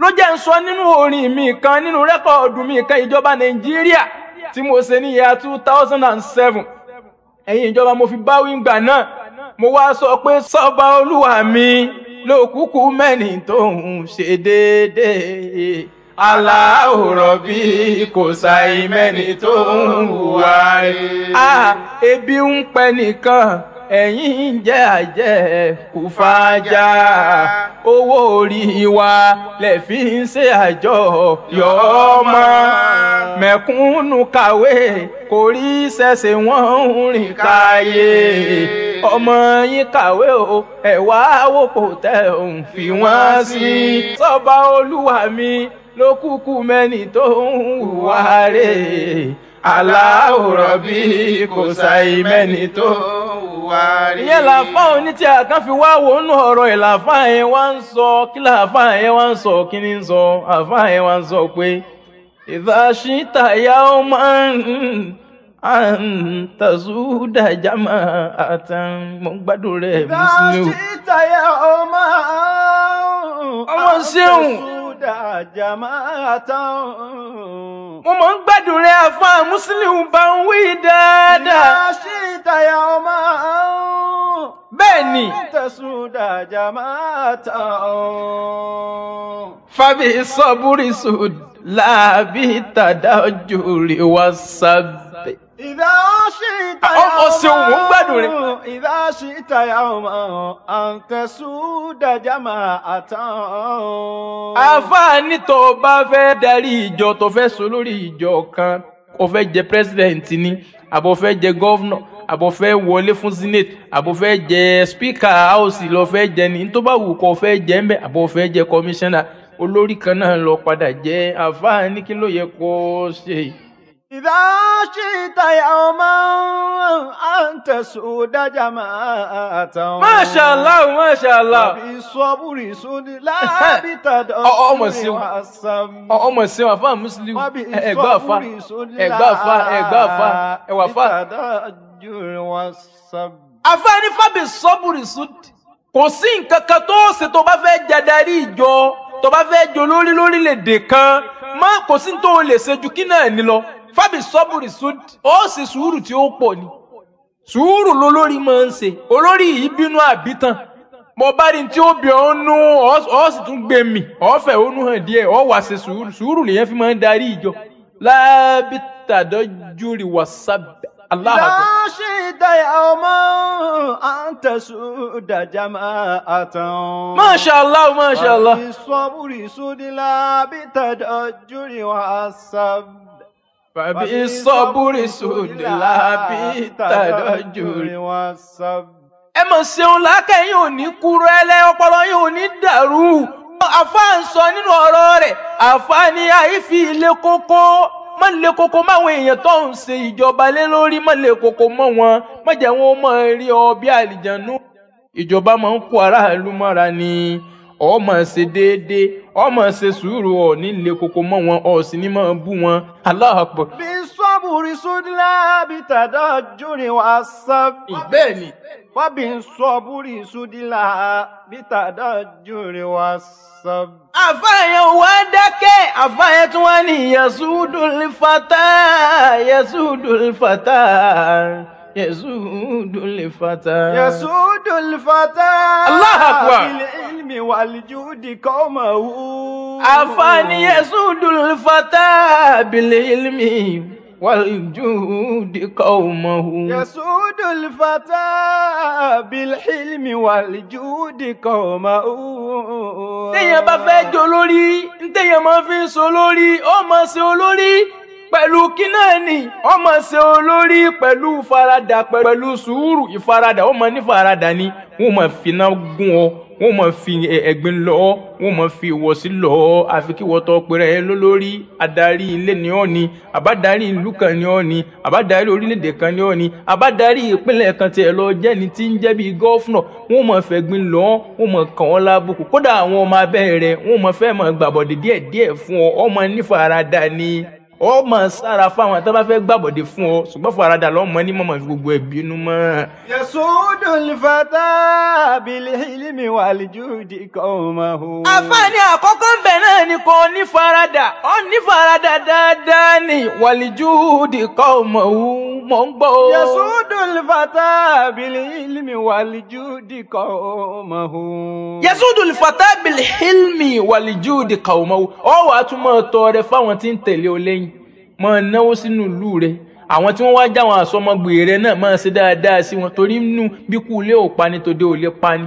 Speaker 1: ló jẹ́ ń sọ nínú orin mi kan nínú rẹ́kọ̀dù mi kan ìjọba nàìjíríà tí mo ṣe ní ìyá two thousand and seven ẹ̀yin ìjọba mo fi báwí ngbà náà mo wá sọ pé sọ́ba olúwa mi ló kúkú mẹ́ni tó ń ṣe déédéé aláwòrán bí kò ṣàì mẹ́ni tó ń hùwà rẹ̀. Ah, ebi ń pẹ nìkan. ẹ̀yin jẹ́ àjẹ́ kò fàájà owó orí wa lẹ̀ fi ń ṣe àjọ yọ̀ọ́mọ́ mẹ̀kúnnù kàwé kò rí ṣẹ̀ṣẹ̀ wọ́n ń rìn káyé ọmọ yín kàwé o ẹ̀wá àwòkò tẹ̀ ń fi wọ́n sí sọ́ba olúwa mi ló kúkú mẹ́ni tó ń hùwà rè aláwòrán bí kò ṣàì mẹ́ni tó
Speaker 3: wárí. ìyẹn
Speaker 1: làáfà onítìá kan fi wá wò ọrọ ọ̀rọ̀ ẹ̀ làáfà yẹn wá ń sọ kí làáfà yẹn wá ń sọ kí ni ń sọ àáfà yẹn wá ń sọ pé ìdáṣí yà ó máa ń àtàn
Speaker 2: húdà jama'atan.
Speaker 1: mo mọ̀ ń gbádùn rẹ̀ àfa muslim bá ń wí dáadáa. ìyá ṣì
Speaker 2: tàyà ọmọ àwọn. bẹ́ẹ̀ ni. tẹ̀sùdà jama'atan.
Speaker 1: fábí sọ́búrì sùn láàbí tàdájú rí wá
Speaker 2: ìdá ṣì ìtayà ah, ọmọ ọ ṣeun mò ń gbádùn rẹ. ìdá ṣì ìtayà ọmọ àǹtẹ̀sùn dàjàmà àtàn.
Speaker 1: àfààní tó bá fẹ́ darí ìjọ tó fẹ́ sọ lórí ìjọ kan ó fẹ́ jẹ president ni àbọ̀ fẹ́ jẹ governor àbọ̀ fẹ́ wọlé fún senate àbọ̀ fẹ́ jẹ speaker house lọ fẹ́ jẹ ní tó bá wù kó fẹ́ jẹ ń bẹ fẹ́ jẹ commissioner olórí kan náà lọ padà jẹ àfààní kí ló yẹ kó ṣe.
Speaker 2: ìdá شئت يوما أن تسود جماعة
Speaker 1: ما شاء الله ما شاء الله
Speaker 2: وبالصبر سود لا
Speaker 1: بتدعو
Speaker 2: وعصم ọmọ ìsìn wà fáà
Speaker 1: mùsùlùmí ẹgbà àfa ẹgbà àfa ẹgbà àfa ẹwà àfa. àfáàní fábì sọ́bùrì sùdì kò sí nǹkan kan tó ṣe tó bá fẹ́ jẹ́ ìjọ tó bá fẹ́ jẹ́ olórí lórílẹ̀‐èdè kan kò sí tó lè ṣe ju kí náà ní lọ fábì sọ́bùrì sùd ó sì sùúrù tí ó pọ̀ ni sùúrù lolórí máa ń ṣe olórí yìí bínú àbítàn mo bá ní tí ó bí ọ ń nú ọ sì tún gbé mi ọ̀fẹ́ ó nú hàn díẹ̀ ọ wà ṣe sùúrù sùúrù lèyẹn fi máa ń darí ìjọ lábí tàdọ́júrì wàsábẹ́. لا
Speaker 2: شيد يوما أن تسود جماعة ما شاء الله ما شاء الله الصبر سود لا بتدجر وعصب
Speaker 1: fàbí sọ́búrì sòdì làbí tàdọ́jú rẹ̀ wọ́n sábà. ẹ mọ̀ ṣeun lákà yín ò ní kúrò ẹlẹ́ ọpọlọ yín ò ní dàrú. àfa ń sọ nínú ọ̀rọ̀ rẹ̀ àfa ni àìfi ilé kókó má le koko máwọn èèyàn tó ń ṣe ìjọba lé lórí má le koko mọ́ wọn má jẹ́ wọn ó mọ̀ rí ọ bí àlìjànú ìjọba máa ń kó aráàlú mọ́ra ni ọ máa ṣe déédéé ọ máa ṣe sùúrù ọ ní le koko mọ́ wọn ọ sì ní máa bú wọn Allahu Akbar.
Speaker 2: bí sọ́bùrì sùdílà bí tàdá jùrì wá sábì. bẹ́ẹ̀ ni. wọ́n bí sọ́bùrì sùdílà bí tàdá jùrì wá sábì. àfààyàn wá dákẹ́ àfààyàn tí wọ́n ní yasudu
Speaker 1: lifata yasudu lifata. يسود الفتى
Speaker 2: يسود الفتى الله أكبر بالعلم
Speaker 1: والجود قومه عفاني يسود الفتى بالعلم والجود قومه يسود الفتى بالحلم والجود قومه téèyàn bá fẹ́ jọ lórí téèyàn máa fi ń so lórí ó máa ṣe olórí pẹ̀lú kí náà ni ọmọ ṣe olórí pẹ̀lú ìfaradà pẹ̀lú sùúrù ìfaradà ó mọ ní ìfaradà ni wọn mọ fìnà gún ọ wọn mọ fi ẹ̀gbin lọ ọ wọn mọ fi ìwọsí lọ ọ àfi kí wọ́n tọ́ pẹ̀rẹ́ ẹ lólórí adarí ilé ni ọ́ ni àbádarí ìlú kan ni ọ́ ni àbádarí orílẹ̀-èdè kan ni ọ́ ni àbádarí ìpínlẹ̀ kan tiẹ̀ lọ jẹ́ ni tí ń jẹ́ bíi gọ́fúnà wọn mọ fẹ̀gbin lọ ọ wọn mọ kàn ọ́ lábùkù kódà àwọn ọmọ abẹ́ rẹ wọn fẹ́ mọ gbàbọ̀dé díẹ̀díẹ̀ fún ọ ọmọ nífaradà ni ó mọ̀ sára fáwọn tó bá fẹ́ gbàbọ̀dé fún ọ ṣùgbọ́n fún ara dà lọ́mọ ní mọ̀mọ́ fi gbogbo ẹ̀bí inú mọ́.
Speaker 2: yasudul fata bil ilmi wal judi
Speaker 1: qawmahu. àfààní àkọ́kọ́ bẹ̀ náà ni kò ní farada ó ní farada dáadáa ni wal judi qawmahu mọ̀ ń gbọ́. yasudul fata bil ilmi wal judi qawmahu. yasudul fata bil ilmi wal judi qawmahu ó wàá túmọ̀ tọrẹ fáwọn tí ń tẹ̀lé o lẹ́yìn máa náwó sínú ìlú rẹ àwọn tí wọ́n wá jáwọn àsọmọgbèrè rẹ náà máa ṣe dáadáa sí wọn torí nínú bí kú ilé ò pani tòde ò lè pani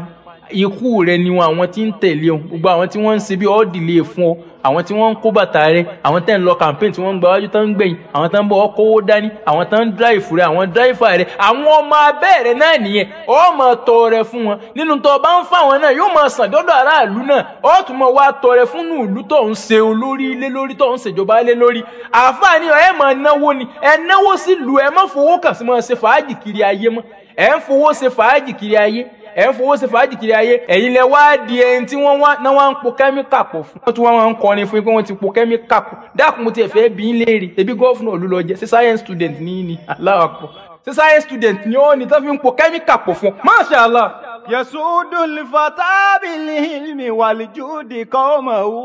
Speaker 1: ikú rẹ ni wọn àwọn tí ń tẹ̀lé wọn gbogbo àwọn tí wọ́n ń ṣe bí ọ́ọ́dì lè fún ọ àwọn tí wọ́n ń kó bàtà rẹ àwọn tẹ́ ń lọ campaign tí wọ́n ń gba wájú tán ń gbẹ̀yìn àwọn tán ń bọ̀ ọkọ̀wó dání àwọn tán ń dráìfù rẹ àwọn dráìfà rẹ àwọn ọmọ abẹ́ rẹ náà nìyẹn ó máa tọrẹ fún wọn nínú tó o bá ń fà wọn náà yóò máa sàn dọ́dọ̀ aráàlú náà ó tún máa wá tọrẹ fún ìlú tó ń ṣe olórí ilé lórí tó ń ṣèjọba ilé lórí àǹfààní ẹ máa ni ẹ náwó sí ìlú ẹ má fowó kàn sí kiri ayé mọ́ ẹ ń fowó ṣe fàájì kiri ayé ẹ̀ ń fowó ṣe fàájì kiri ayé ẹ̀yin lẹ wá di ẹni tí wọ́n wá náà wá ń po kẹ́míkà pọ̀ fún wọ́n tún wá ń kọrin fún pé wọ́n ti po kẹ́míkà pọ̀ dákun mo tiẹ̀ fẹ́ bí ń léèrè ebi gọ́ọ̀fù olú lọ jẹ ṣé science student ní ní aláwọ̀ pọ̀ ṣé science student ní ó ní tó fi ń po kẹ́míkà pọ̀ fún Masha Allah yasudu lifata bilhilmi walijudi kọ́mọ̀wú.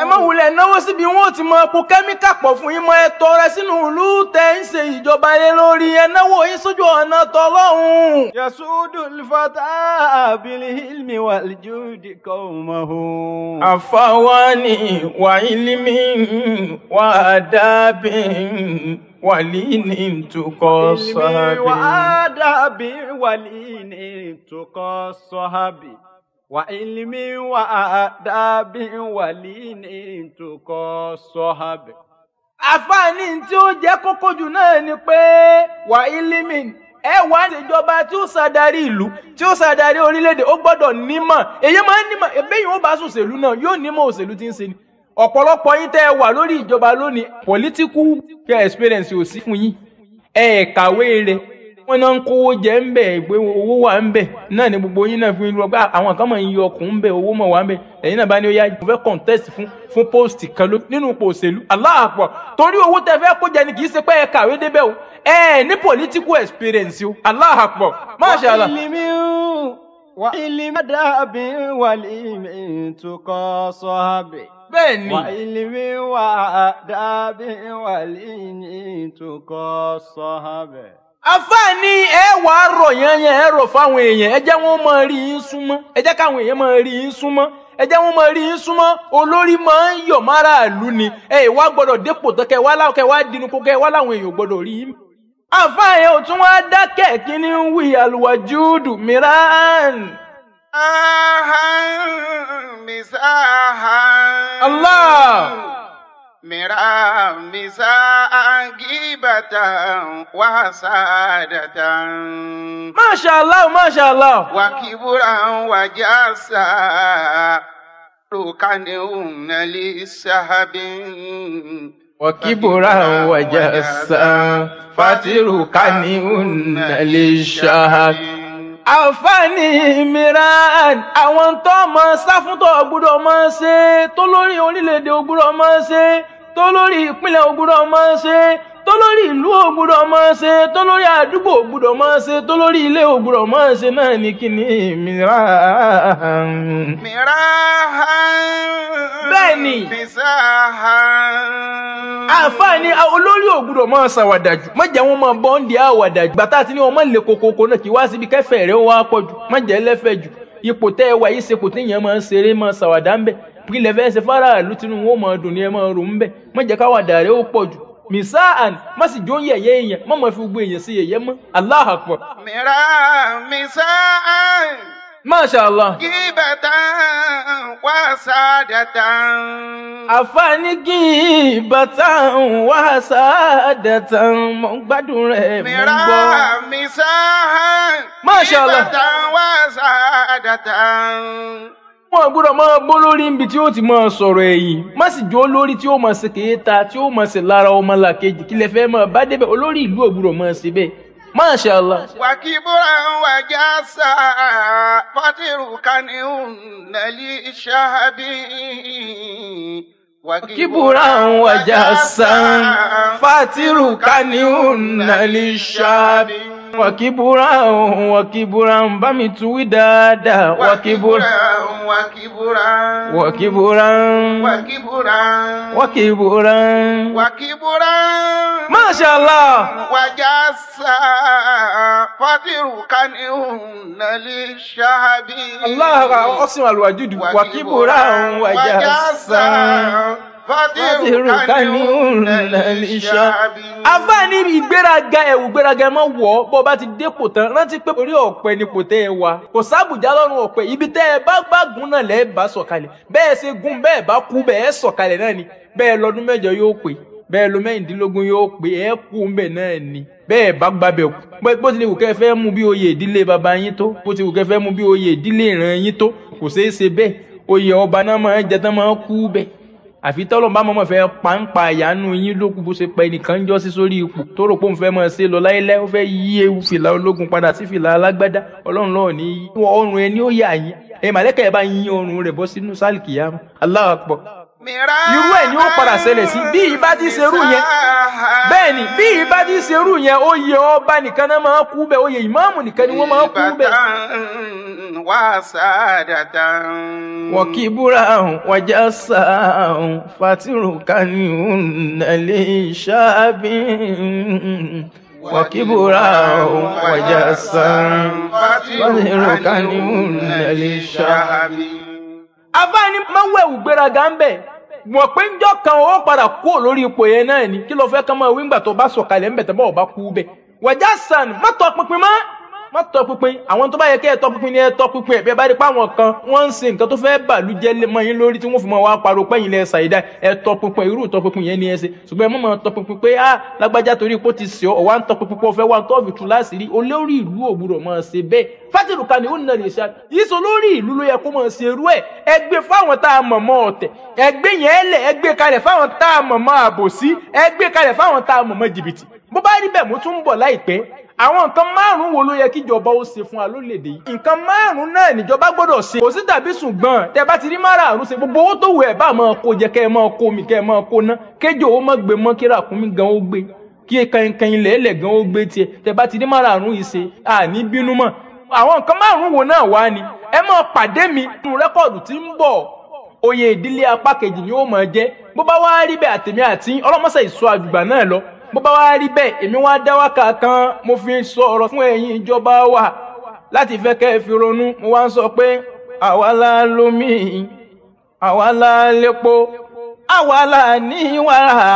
Speaker 1: ẹ má wulẹ̀ náwó síbi wọn ò ti mọ epo kẹ́míkà pọ̀ fún yín mọ́ ẹ tọrẹ sínú ìlú tẹ̀ ń ṣe ìjọba yẹn lórí ẹ náwó yín sójú ọ̀nà tọlọ́hún.
Speaker 2: yasudu lifata
Speaker 1: bilhilmi walijudi kọ́mọ̀wú. àfàwọ́ ni wàhílímì wàdábìn. ولين تقصها بي
Speaker 2: وآدابي ولين تقصها بي وعلمي وآدابي ولين تقصها بي
Speaker 1: àfààní tí ó jẹ́ kókó jù náà ni pé wàhálìmí ẹ wá ìjọba tí ó ṣàdarí ìlú tí ó ṣàdarí orílẹ̀-èdè ó gbọ́dọ̀ nímọ̀ èyí máa ń nímọ̀ ebéyìn ó bá sòṣèlú náà yóò nímọ̀ òṣèlú tí ń ṣe ni ọ̀pọ̀lọpọ̀ yín tẹ́ ẹ wà lórí ìjọba lónìí political experience ò sí fún yín ẹ kàwé rẹ̀ wọ́n náà ń kówó jẹ ń bẹ̀ pé owó wà ń bẹ̀ náà ni gbogbo yín náà fi ń lọ pé ah, àwọn kan mọ̀ ń yọ ọkùn bẹ̀ owó mọ̀ wà ń bẹ̀ ẹ̀yin náà bá ní ó post kan ló nínú ipò òṣèlú aláàpọ̀ torí owó
Speaker 2: bẹ́ẹ̀ ni. wà ilmi wà dábì wà lẹ́yìn tó kọ́ sọ́hábẹ̀.
Speaker 1: àfààní ẹ wà á rọ̀ yanyan ẹ rọ̀ fáwọn èèyàn ẹ jẹ́ wọ́n máa rí yín súnmọ́ ẹ jẹ́ káwọn èèyàn máa rí yín súnmọ́ ẹ jẹ́ wọ́n máa rí yín súnmọ́ olórí máa ń yọ̀ mára ìlú ni ẹ ìwà gbọ́dọ̀ dépò tán wá láwọn wá dínú kó wá láwọn èèyàn gbọ́dọ̀ rí yín. àfààní ò wá dákẹ́ kí wí àlùwàjúùdù mìíràn.
Speaker 3: Allah. Mira misa gibatan wa sadatan. Masha Allah, Masha Allah. Wa kiburan wa jasa. Rukanin nali sahabin.
Speaker 1: Wa kiburan wa jasa. Fatiru kanin nali sahabin àǹfààní mìíràn àwọn tó mọ sáfúntọ̀ ọgbọ́dọ̀ máa ṣe tó lórí orílẹ̀-èdè ọgbọ́dọ̀ máa ṣe tó lórí ìpínlẹ̀ ọgbọ́dọ̀ máa ṣe tólórí ìlú ògbúdọ̀ máa ṣe tólórí àdúgbò ògbúdọ̀ máa ṣe tólórí ilé ògbúdọ̀ máa ṣe náà ní kíni mìíràn.
Speaker 3: mìíràn. bẹ́ẹ̀ ni. mìíràn. àfààní
Speaker 1: olórí ògbúdọ̀ máa ṣàwàdàjù má jẹ́ wọn máa bọ́ ń di àwàdàjù bàtà àti ní wọn máa lè kókókó náà kí wá síbi kẹfẹ́ rẹ̀ wá pọ̀ jù má jẹ́ lẹ́fẹ̀ jù ipò tẹ́ ẹ wà yìí ṣe kò tí yẹn máa ń ṣeré má misaan má sì jó yẹ̀yẹ́ èèyàn má mọ̀ fi gbogbo èèyàn sí yẹ̀yẹ́ mọ́ Allahu Akbar.
Speaker 3: mìíràn
Speaker 1: misaan. Masha Allah. Gíbàtàn
Speaker 3: wá sádàtàn.
Speaker 1: Àfààní gíbàtàn wá sádàtàn. Mo ń gbádùn rẹ̀ mo gbọ́. Mìíràn
Speaker 3: mi sáà. Masha Allah. Gíbàtàn wá sádàtàn.
Speaker 1: wọn gbọ́dọ̀ máa bó lórí ibi tí ó ti máa sọrọ ẹ̀yìn má sì jó lórí tí ó máa ṣe kéèta tí ó máa ṣe lára ọmọ làkejì kí lè fẹ́ máa bá débẹ̀ olórí ìlú ògbúrọ̀ máa ṣe wakibura wakibura bamitui dada wakibura
Speaker 3: wakibura wakibura wakibura
Speaker 1: wakibura wakibura
Speaker 3: masha Allah wajasa fadiru kanihun nali shahabi Allah ọsùn
Speaker 1: alùwàjúdù wakibura wajasa. fàdírù kàníhùn lẹ́lẹ́ṣà. afáàní ìgbéraga ẹ̀wù gbéraga ẹ mọ̀ wọ̀ ọ́ bọ́ bá ti dépò tán rántí pé orí ọ̀pẹ ni kò tẹ́ ẹ wá kò sábùjá lọ́rùn ọ̀pẹ ibi tẹ́ ẹ bá gbàgùn náà lẹ́ẹ̀ bá sọ̀kalẹ̀ bẹ́ẹ̀ ṣe gún bẹ́ẹ̀ bá kú bẹ́ẹ̀ sọ̀kalẹ̀ náà ni bẹ́ẹ̀ lọ́dún mẹ́jọ yóò pé bẹ́ẹ̀ ló mẹ́rìndínlógún yóò pé ẹ kú mbẹ̀ náà ni bẹ́ẹ̀ bá gbabẹ̀ kú. bó ti lè wù kẹ́ fẹ́ mú bí oyè ìdílé baba yín tó bó ti wù kẹ́ fẹ́ mú bí oyè ìdílé ìran yín tó kò ṣeé ṣe bẹ́ẹ̀ oyè ọba náà máa ń jẹ tán máa ń kú bẹ́ẹ̀ àfi tọ́lọ̀ bá mọ̀mọ́ fẹ́ pàǹpà ìyanu yín ló kú bó ṣe pa ẹnìkan jọ́ sí sórí ipò tó rò pé òun fẹ́ mọ̀ ṣe lọ láyélẹ́ ó fẹ́ yí ewu fìlà ológun padà sí fìlà alágbádá ọlọ́run lọ́ọ̀ ní yí ọrùn ẹni ó yà yín ẹ̀ màlẹ́kẹ̀ bá yín ọrùn rẹ̀ bọ́ sínú sálìkìyàmù Allahu Akbar irú ẹ̀ ni ó padà ṣẹlẹ̀ sí bí yìí bá ti ṣerú yẹn bẹ́ẹ̀ ni bí yìí bá ti ṣerú yẹn oyè ọba nìkan náà máa kú bẹ́ẹ̀ oyè ìmáàmù nìkan ni wọ́n máa kú bẹ́ẹ̀. wọ́n kí búra ọ̀hún wọ́n já sá fatiru kani ọ̀hún nàlẹ́ ìṣáàbí wọ́n búra ọ̀hún wọ́n já
Speaker 2: sá
Speaker 3: ọ̀hún fatiru kani ọ̀hún nàlẹ́ ìṣáàbí.
Speaker 1: àbáyé ni máa wẹ̀wù gbéraga ń bẹ̀ mọ̀ pé ń jọ́ kan ó padà kúrò lórí ipò yẹn náà ni kí ló fẹ́ kán máa wí ńgbà tó bá sọ̀kalẹ̀ ńbẹ̀ tó bá ò bá kú bẹ̀ wàjà sàn mọ́tò pinpin mọ́ má tọ pinpin àwọn tó bá yẹ kẹ́ ẹ tọ pinpin ni ẹ tọ pinpin ẹ bẹ́ẹ̀ bá rí pa àwọn kan wọ́n ń ṣe nǹkan tó fẹ́ bàlújẹ́ mọ́ yín lórí tí wọ́n fi mọ́ wá pariwo pẹ́yìn lẹ́ ṣàyídá ẹ tọ pinpin irú tọ pinpin yẹn ni ẹ ṣe ṣùgbọ́n ẹ mọ̀ mọ̀ tọ pinpin pé ah lágbájá torí ipò ti ṣe ọ wá ń tọ pinpin pé ọ fẹ́ wá ń tọ́ fìtú láṣìírí olórí ìlú òwúrọ̀ mọ̀ ṣe bẹ́ẹ̀ fátìrù kan ni ó nà lè ṣá yíṣọ lórí ìlú ló yẹ kó mọ̀ ṣe irú ẹ̀ ẹgbẹ́ fáwọn tá a mọ̀ mọ́ ọ̀tẹ̀ ẹgbẹ́ yẹn lẹ̀ ẹgbẹ́ kalẹ̀ fáwọn tá a mọ̀ mọ́ àbòsí ẹgbẹ́ kalẹ̀ fáwọn tá a mọ̀ mọ́ jìbìtì bó bá rí bẹ́ẹ̀ mo tún ń bọ̀ láìpẹ́ àwọn nǹkan márùn-ún wo ló yẹ kí ìjọba ó ṣe fún wa lórílẹ̀‐èdè yìí nǹkan márùn-ún náà níjọba gbọ́dọ̀ ṣe kò sí tàbí ṣùgbọ́n tẹ bá ti rí márààrún ṣe gbogbo owó tó wù ẹ̀ bá máa kó jẹ kẹ́ ẹ máa kó mi kẹ́ ẹ máa kó ná kéjò ó mọ̀ gbé mọ́ kíra kún mi gan ó gbé kí kankan ilẹ̀ ẹlẹ̀ gan ó gbé tiẹ̀ tẹ bá ti rí márààrún yìí ṣe àní bínú mọ́ àwọn nǹkan márùn-ún wo náà wá ni ẹ máa pàdé mi nínú rẹ́kọ̀dù tí ń bọ̀ oyè ìdílé apá kejì ni ó máa jẹ́ bó bá wá rí bẹ́ẹ̀ àtèmi àti ọlọ́mọṣẹ́ ìṣọ́ àjùgbà náà lọ bó bá wá rí bẹ́ẹ̀ èmi wá dá wákà kan mo fi sọ ọ̀rọ̀ fún ẹ̀yin ìjọba wa láti fẹ́ kẹ́ ẹ fi ronú mo wá ń sọ pé àwa la lómi àwa la lépo àwa la ní wàrà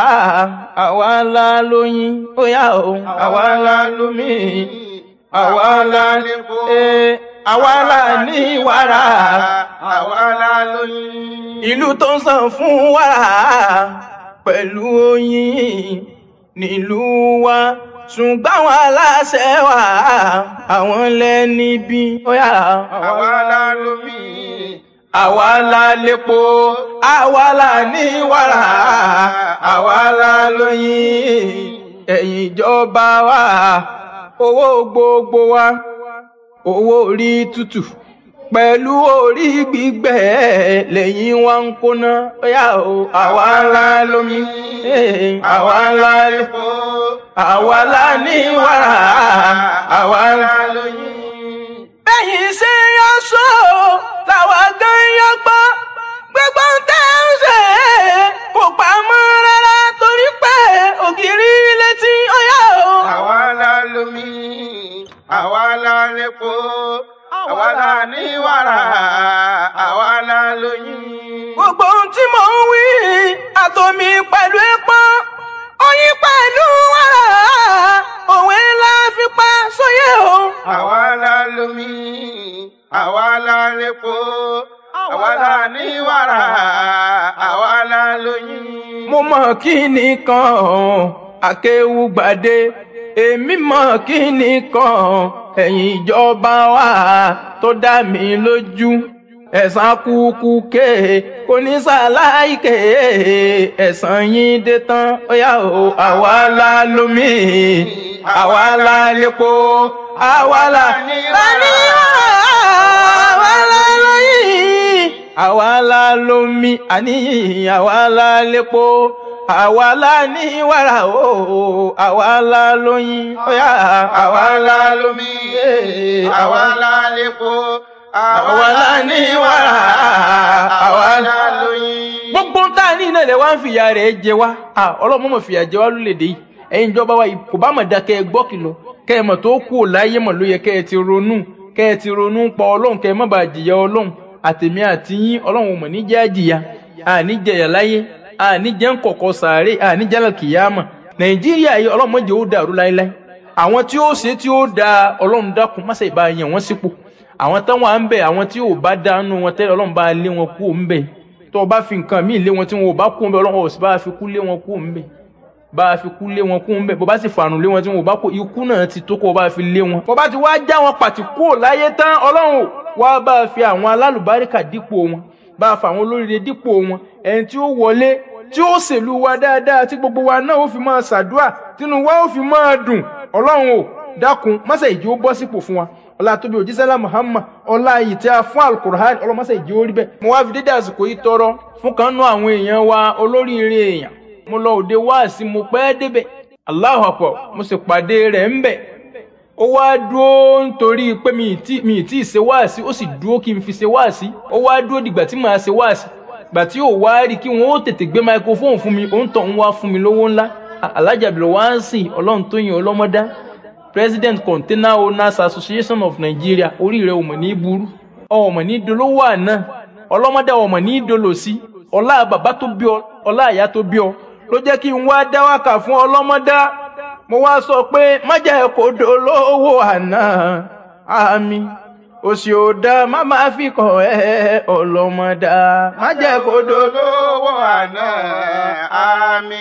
Speaker 1: àwa la lóyin ó yá o àwa la lómi àwa
Speaker 3: la lépo e, àwa la ní wàrà àwa la
Speaker 1: lóyin. ìlú tó ń sàn fún wàrà pẹ̀lú oyin nílùú wa ṣùgbọ́n àwọn aláṣẹ wa àwọn lẹ́ni bí
Speaker 3: àwa la lómi
Speaker 1: àwa la lépo àwa la ní wàrà àwa la lóyin ẹ̀yìn ìjọba wa owó gbogbo wa owó orí tútù pẹ̀lú orí gbígbẹ lẹ́yìn wọn ń kóná ọ̀yá o àwa ńlá lómi àwa
Speaker 3: ńlá lóko àwa ńlá ní wàrà àwa ńlá lóyún.
Speaker 2: bẹ́yìn sí yọ́sọ́ làwa gan yọgbọ́n
Speaker 3: gbogbo ń tẹ́ ń ṣe kò pamọ́ rárá torí pé ògiri létí ọ̀yá o. àwa ńlá lómi àwa ńlá lẹ́kọ̀ọ́ àwàlà ní wàrà àwàlà lóyún. gbogbo ohun tí mò ń wí àtòmí pẹ̀lú epo oyin pẹ̀lú wàrà òwe ńlá fipá sóyè o. àwàlà lómi àwàlà lẹ́pọ̀ àwàlà ní wàrà
Speaker 1: àwàlà lóyún. mo mọ̀ kí nìkan ọ̀hún akéwú gbadé èmi mọ̀ kí ni kan ẹ̀yin ìjọba wa tó dá mi lójú ẹ̀san kúkú ké kò ní sáláì ké ẹ̀san yín dé tán ó yá o àwa la lómi àwa la lépo àwa la
Speaker 3: lómi
Speaker 1: àwa la lóyìn àwa la lómi àníyìn àwa la lépo. àwa la ní wàrà o àwa la lóyin ọyà àwa la lómi àwa la
Speaker 3: lépo àwa la ní wàrà àwa la gbogbo
Speaker 1: ń tà ní jẹ wá ọlọ́mọ mọ̀ fìyà jẹ wá yìí ẹ̀yin jọba wa kò bá mọ̀ dákẹ́ ẹ gbọ́ kìlọ̀ kẹ́ ẹ mọ̀ tó kú ò láyé mọ̀ ló yẹ kẹ́ ẹ ti ronú kẹ́ ẹ ti ronú pa ọlọ́run kẹ́ ẹ jìyà ọlọ́run àti yín ọlọ́run ò mọ̀ àjìyà àníjẹ́ ń kọ̀kọ̀ sàárè àníjẹ́ lọ́kìyàmà nàìjíríà yìí ọlọ́mọdé ó dàrú láéláé àwọn tí ó ṣe tí ó da ọlọ́run dákun má ṣe bá yàn wọ́n sípò àwọn táwọn à ń bẹ̀ àwọn tí ò bá dánú wọn tẹ́lẹ̀ ọlọ́run bá lé wọn kú ń bẹ̀ tó o bá fi nǹkan míì lé wọn tí wọn ò bá kú ń bẹ̀ ọlọ́run ò sì bá fi kú lé wọn kú ń bẹ̀ bá a fi kú lé wọn kú ń bẹ bó bá sì fàrùn lé wọn tí wọn bá kó ikú náà ti tó kó bá a fi lé wọn. bó bá ti wá já wọn pàtì kúrò láyé tán ọlọ́run wá bá a fi àwọn alálùbáríkà dípò wọn bá a fa àwọn olóríire dípò wọn ẹni tí ó wọlé tí ó wa dáadáa tí gbogbo wa náà ó fi máa ṣàdúrà tínú wa ó fi máa dùn ọlọ́run ò dákun mọ́sẹ̀ ìjì ó bọ́ sípò fún wa ọlá òjísẹ́lá Muhammad ọlá yìí tí a fún alukur'an ọlọ́mọsẹ̀ ìjì ó rí bẹ́ẹ̀. mo wá fi fún kan àwọn èèyàn wa olóríire èèyàn mo lọ òde sí mo pẹ́ débẹ̀ mo sì pàdé rẹ̀ ńbẹ̀ ó wá dúró nítorí pé mi ti tí ì ṣe wáàsí ó sì dúró kí n fi ṣe wáàsí ó wá dúró dìgbà tí màá ṣe wáàsí gbà tí ò wá rí kí wọn ó tètè gbé microphone fún mi òun tàn ń wá fún mi lówó ńlá Alhaji Abdulwasi Ọlọ́runtóyìn Ọlọ́mọdá president container owners association of Nigeria orí rẹ̀ ọmọ ní burú ọmọ ní dolówó àná Ọlọ́mọdá ọmọ ní dolòsí ọlá bàbá tó bí ọ ọlá ìyá tó bí ọ ló jẹ́ kí n wá dá fún Ọlọ́mọdá mo wá sọ pé má jẹ́ kó dolówó àná àmì òsì ò dá má máa fi kọ̀ ẹ́ ọlọ́mọdá má jẹ́ kó dolówó àná àmì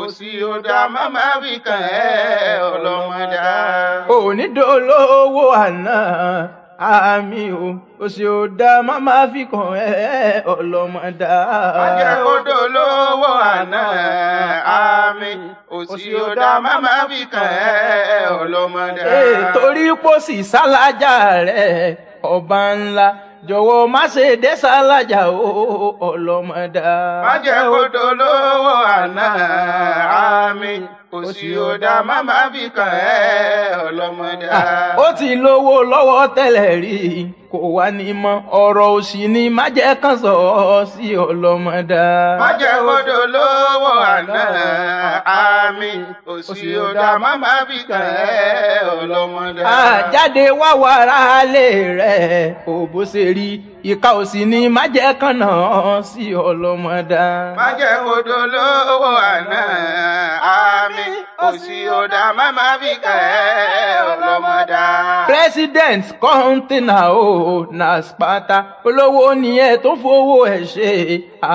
Speaker 3: òsì ò má máa fi kàn ẹ́ ọlọ́mọdá.
Speaker 1: òní dolówó àná àmì o òsì ò dá máma fi kàn ẹ́ ọlọ́mọdá. ajẹ́ odò lówó àná àmì
Speaker 3: òsì ò dá máma fi kàn ẹ́ ọlọ́mọdá.
Speaker 1: torí pósì sálájà rẹ̀ ọba ńlá jọ̀wọ́ má ṣe dé sálájà o ọlọ́mọdá. ajẹ́ odò lówó àná àmì
Speaker 3: kò sí ọ̀dà má má fi kàn ẹ́ ọlọ́mọdé.
Speaker 1: ó ti lówó lọ́wọ́ tẹ́lẹ̀ rí i kò wá ní mọ́ ọ̀rọ̀ òsì ni má jẹ́ kán sọ ọ́ sí ọlọ́mọdá. má jẹ́ odò lówó
Speaker 3: àná àmì òsì ọ̀dà má má fi kàn àjáde wá
Speaker 1: wàrà lè rẹ̀ òbó ṣe rí ìka òsì ni má jẹ́ kán nà ọ́ sí ọlọ́mọdá.
Speaker 3: má jẹ́ odò lówó àná àmì òsì ọ̀dà má má fi kàn
Speaker 1: president kọ́ńtínà o nas pátá olówó nìyẹn tó fowó ẹ̀ ṣe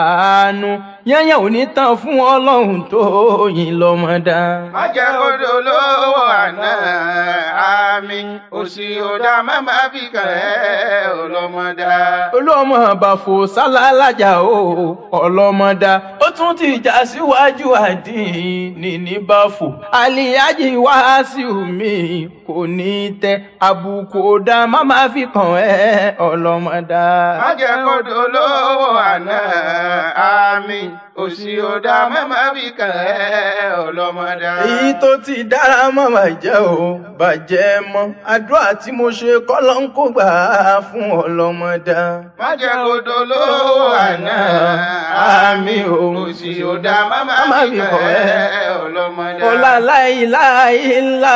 Speaker 1: àánú yányà ò ní tán fún ọlọ́run tó yìn lọ́mọ dá.
Speaker 3: má jẹ́ kódò lówó àná àmì òsì ọ̀dà má má fi kẹ̀rẹ́ ọlọ́mọdá.
Speaker 1: olóòmọ bàfò sálálàjà o ọlọ́mọdá ó tún ti jà síwájú àdínní ní bàfò. àlìyájì wá sí omi kò ní tẹ àbùkù ọ̀dà má má fi kàn ẹ́ ọlọ́mọdá. má jẹ́ kódò
Speaker 3: lówó àná àmì òsì ọ̀dà mẹ́mà bí kàn ẹ́ ọlọ́mọdá. èyí
Speaker 1: tó ti dára mọ́ bàjẹ́ o bàjẹ́ mọ́ àdúrà tí mo ṣe kọ́lọ́ ń kó gbà á fún ọlọ́mọdá.
Speaker 3: má jẹ́ kó dolówó àná
Speaker 1: àmì o òsì ọ̀dà mẹ́mà bí kàn ẹ́
Speaker 3: ọlọ́mọdá. ọlá
Speaker 1: láìláì ńlá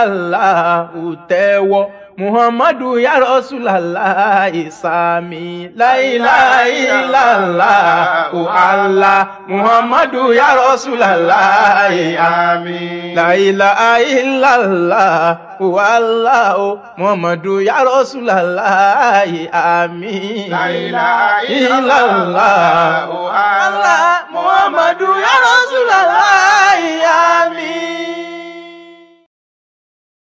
Speaker 1: ò tẹ́wọ́ muhammadu ya rasulallah isami láìláìláìlá o allah muhammadu ya rasulallah ami láìláìláìlá o allah o muhammadu ya rasulallah ami láìláìláìlá
Speaker 3: o allah muhammadu ya rasulallah ami.